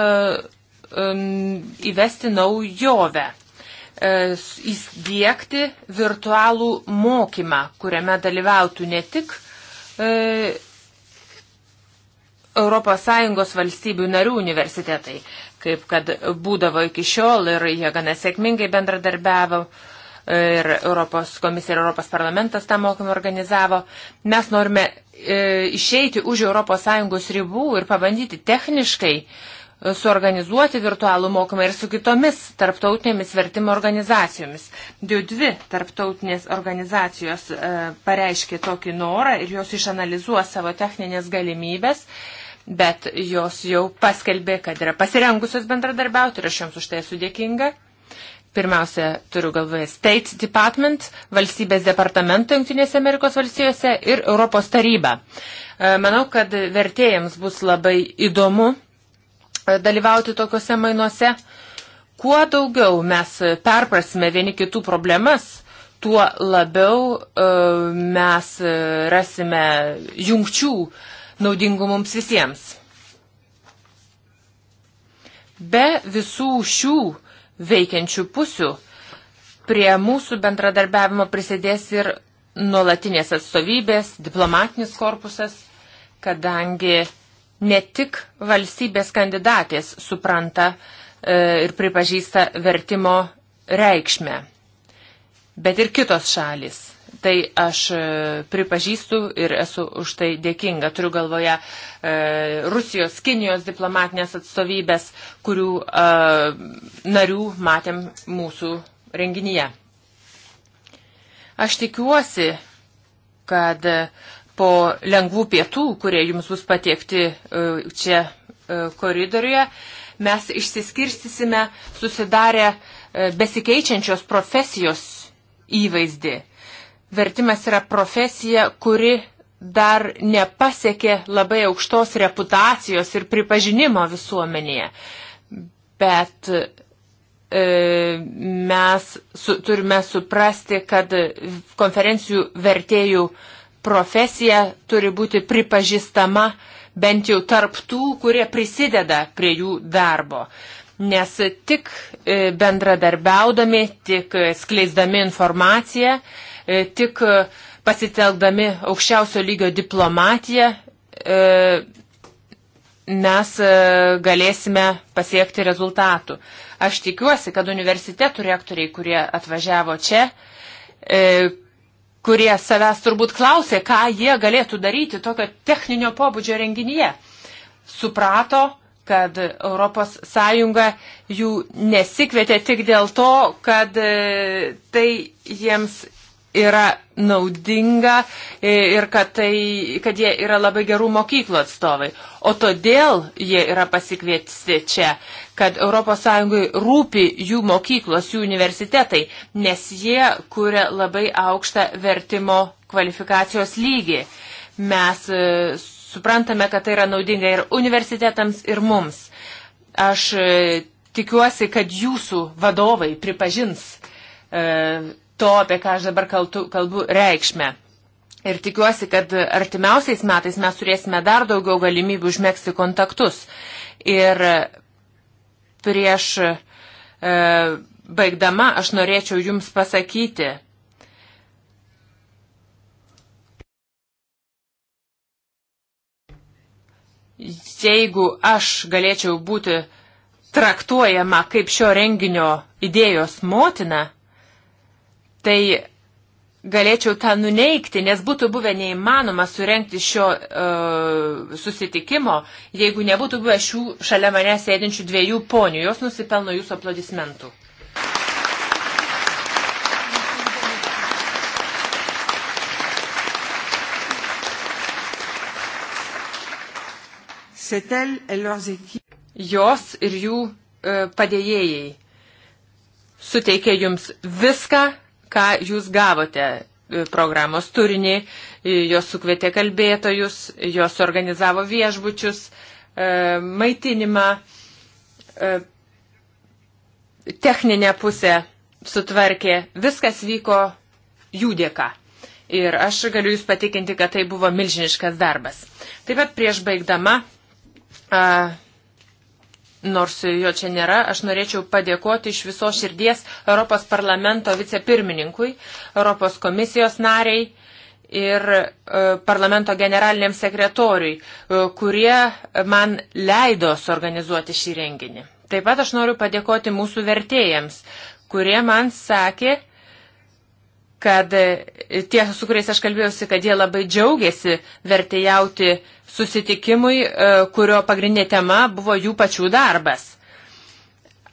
Speaker 3: įvesti naujovę įdėkti virtualų mokymą, kuriame dalyvautų ne tik ES valstybių narių universitetai, kaip kad būdavo iki šiol ir jie gana sėkmingai bendradarbiavo ir Europos komisija ir Europos parlamentas tą mokymą organizavo. Mes norime e, išeiti už ES ribų ir pabandyti techniškai e, suorganizuoti virtualų mokymą ir su kitomis tarptautinėmis vertimo organizacijomis. Jau dvi tarptautinės organizacijos e, pareiškė tokį norą ir jos išanalizuos savo techninės galimybės, bet jos jau paskelbė, kad yra pasirengusios bendradarbiauti ir aš joms už tai esu dėkinga. Pirmiausia, turiu galvoje State Department, valstybės departamentą Junktinėse Amerikos valstijose ir Europos tarybą. E, manau, kad vertėjams bus labai įdomu e, dalyvauti tokiuose mainuose. Kuo daugiau mes perprasime vieni kitų problemas, tuo labiau e, mes rasime jungčių naudingų mums visiems. Be visų šių veikiančių pusių. Prie mūsų bendradarbiavimo prisidės ir nuolatinės atstovybės, diplomatinis korpusas, kadangi ne tik valstybės kandidatės supranta e, ir pripažįsta vertimo reikšmę, bet ir kitos šalis. Tai aš e, pripažįstu ir esu už tai dėkinga. Turiu galvoje e, Rusijos, Kinijos diplomatinės atstovybės, kurių e, narių matėm mūsų renginyje. Aš tikiuosi, kad e, po lengvų pietų, kurie jums bus patiekti e, čia koridoriuje, mes išsiskirstysime susidarę besikeičiančios profesijos įvaizdį. Vertimas yra profesija, kuri dar nepasiekė labai aukštos reputacijos ir pripažinimo visuomenėje. Bet e, mes su, turime suprasti, kad konferencijų vertėjų profesija turi būti pripažįstama bent jau tarp tų, kurie prisideda prie jų darbo. Nes tik e, bendradarbiaudami, tik e, skleisdami informaciją, E, tik pasitelkdami aukščiausio lygio diplomatiją e, mes e, galėsime pasiekti rezultatų. Aš tikiuosi, kad universitetų rektoriai, kurie atvažiavo čia, kurie savęs turbūt klausė, ką jie galėtų daryti tokio techninio pobūdžio renginyje, suprato, kad ES jų nesikvietė tik dėl to, kad tai jiems yra naudinga ir kad, tai, kad jie yra labai gerų mokyklų atstovai. O todėl jie yra pasikviesti čia, kad ES rūpi jų mokyklos, jų universitetai, nes jie kuria labai aukštą vertimo kvalifikacijos lygį. Mes e, suprantame, kad tai yra naudinga ir universitetams, ir mums. Aš e, tikiuosi, kad jūsų vadovai pripažins e, to, apie ką aš dabar kaltu, kalbu, reikšmę. Ir tikiuosi, kad artimiausiais metais mes turėsime dar daugiau galimybių užmėgsti kontaktus. Ir prieš e, baigdama aš norėčiau Jums pasakyti, jeigu aš galėčiau būti traktuojama kaip šio renginio idėjos motina, tai galėčiau tą nuneikti, nes būtų buvę neįmanoma surenkti šio uh, susitikimo, jeigu nebūtų buvę šių šalia mane sėdinčių dviejų ponių. Jos nusipelno jūsų aplodismentų. Jos ir jų uh, padėjėjai suteikė jums viską, ką jūs gavote e, programos turinį, e, jos sukvietė kalbėtojus, jos organizavo viešbučius, e, maitinimą, techninę pusę sutvarkė, viskas vyko jų dėka. Ir aš galiu Jūs patikinti, kad tai buvo milžiniškas darbas. Taip pat prieš baigdama a, nors jo čia nėra, aš norėčiau padėkoti iš viso širdies Europos parlamento vicepirmininkui, Europos komisijos nariai ir e, parlamento generaliniam sekretoriui, e, kurie man leido suorganizuoti šį renginį. Taip pat aš noriu padėkoti mūsų vertėjams, kurie man sakė, kad e, tie, su kuriais aš kalbėjausi, kad jie labai džiaugiasi vertėjauti susitikimui, e, kurio pagrindinė tema buvo jų pačių darbas.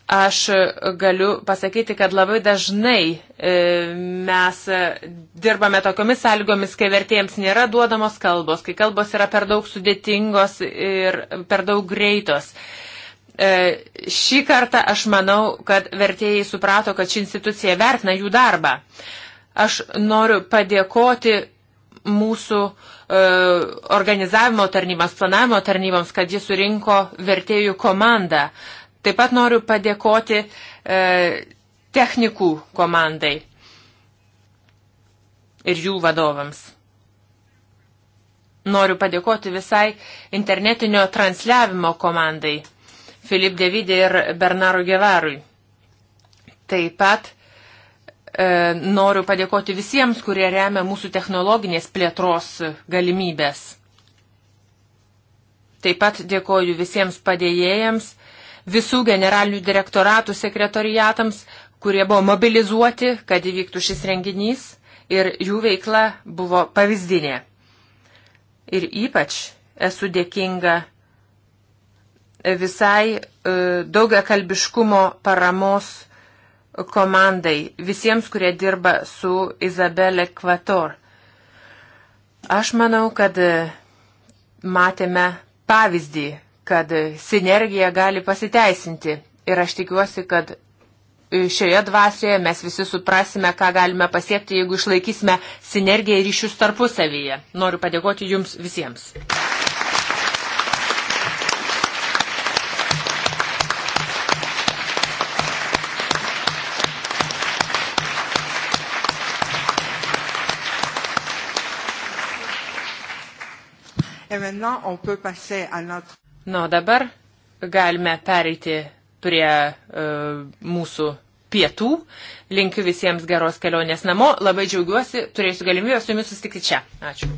Speaker 3: Aš galiu pasakyti, kad labai dažnai e, mes dirbame tokiomis sąlygomis, kai vertėjams nėra duodamos kalbos, kai kalbos yra per daug sudėtingos ir per daug greitos. E, šį kartą aš manau, kad vertėjai suprato, kad ši institucija vertina jų darbą. Aš noriu padėkoti mūsų uh, E, organizavimo tarnybams, planavimo tarnybams, kad jis surinko vertėjų komandą. Taip pat noriu padėkoti e, technikų komandai ir jų vadovams. Noriu padėkoti visai internetinio transliavimo komandai Filip Devidė ir Bernarų Gevarui. Taip pat E, noriu padėkoti visiems, kurie remia mūsų technologinės plėtros galimybės. Taip pat dėkoju visiems padėjėjams, visų generalinių direktoratų sekretoriatams, kurie buvo mobilizuoti, kad įvyktų šis renginys ir jų veikla buvo pavyzdinė. Ir ypač esu dėkinga visai e, daugia kalbiškumo paramos komandai, visiems, kurie dirba su Izabelė Kvator. Aš manau, kad e, matėme pavyzdį, kad sinergija gali pasiteisinti ir aš tikiuosi, kad e, šioje dvasioje mes visi suprasime, ką galime pasiekti, jeigu išlaikysime sinergiją ir ryšius tarpusavyje. Noriu padėkoti Jums visiems. Na, o dabar galime pereiti prie uh, mūsų pietų. Linkiu visiems geros kelionės namo. Labai džiaugiuosi, turėsiu galimybę su jumis susitikti čia. Ačiū.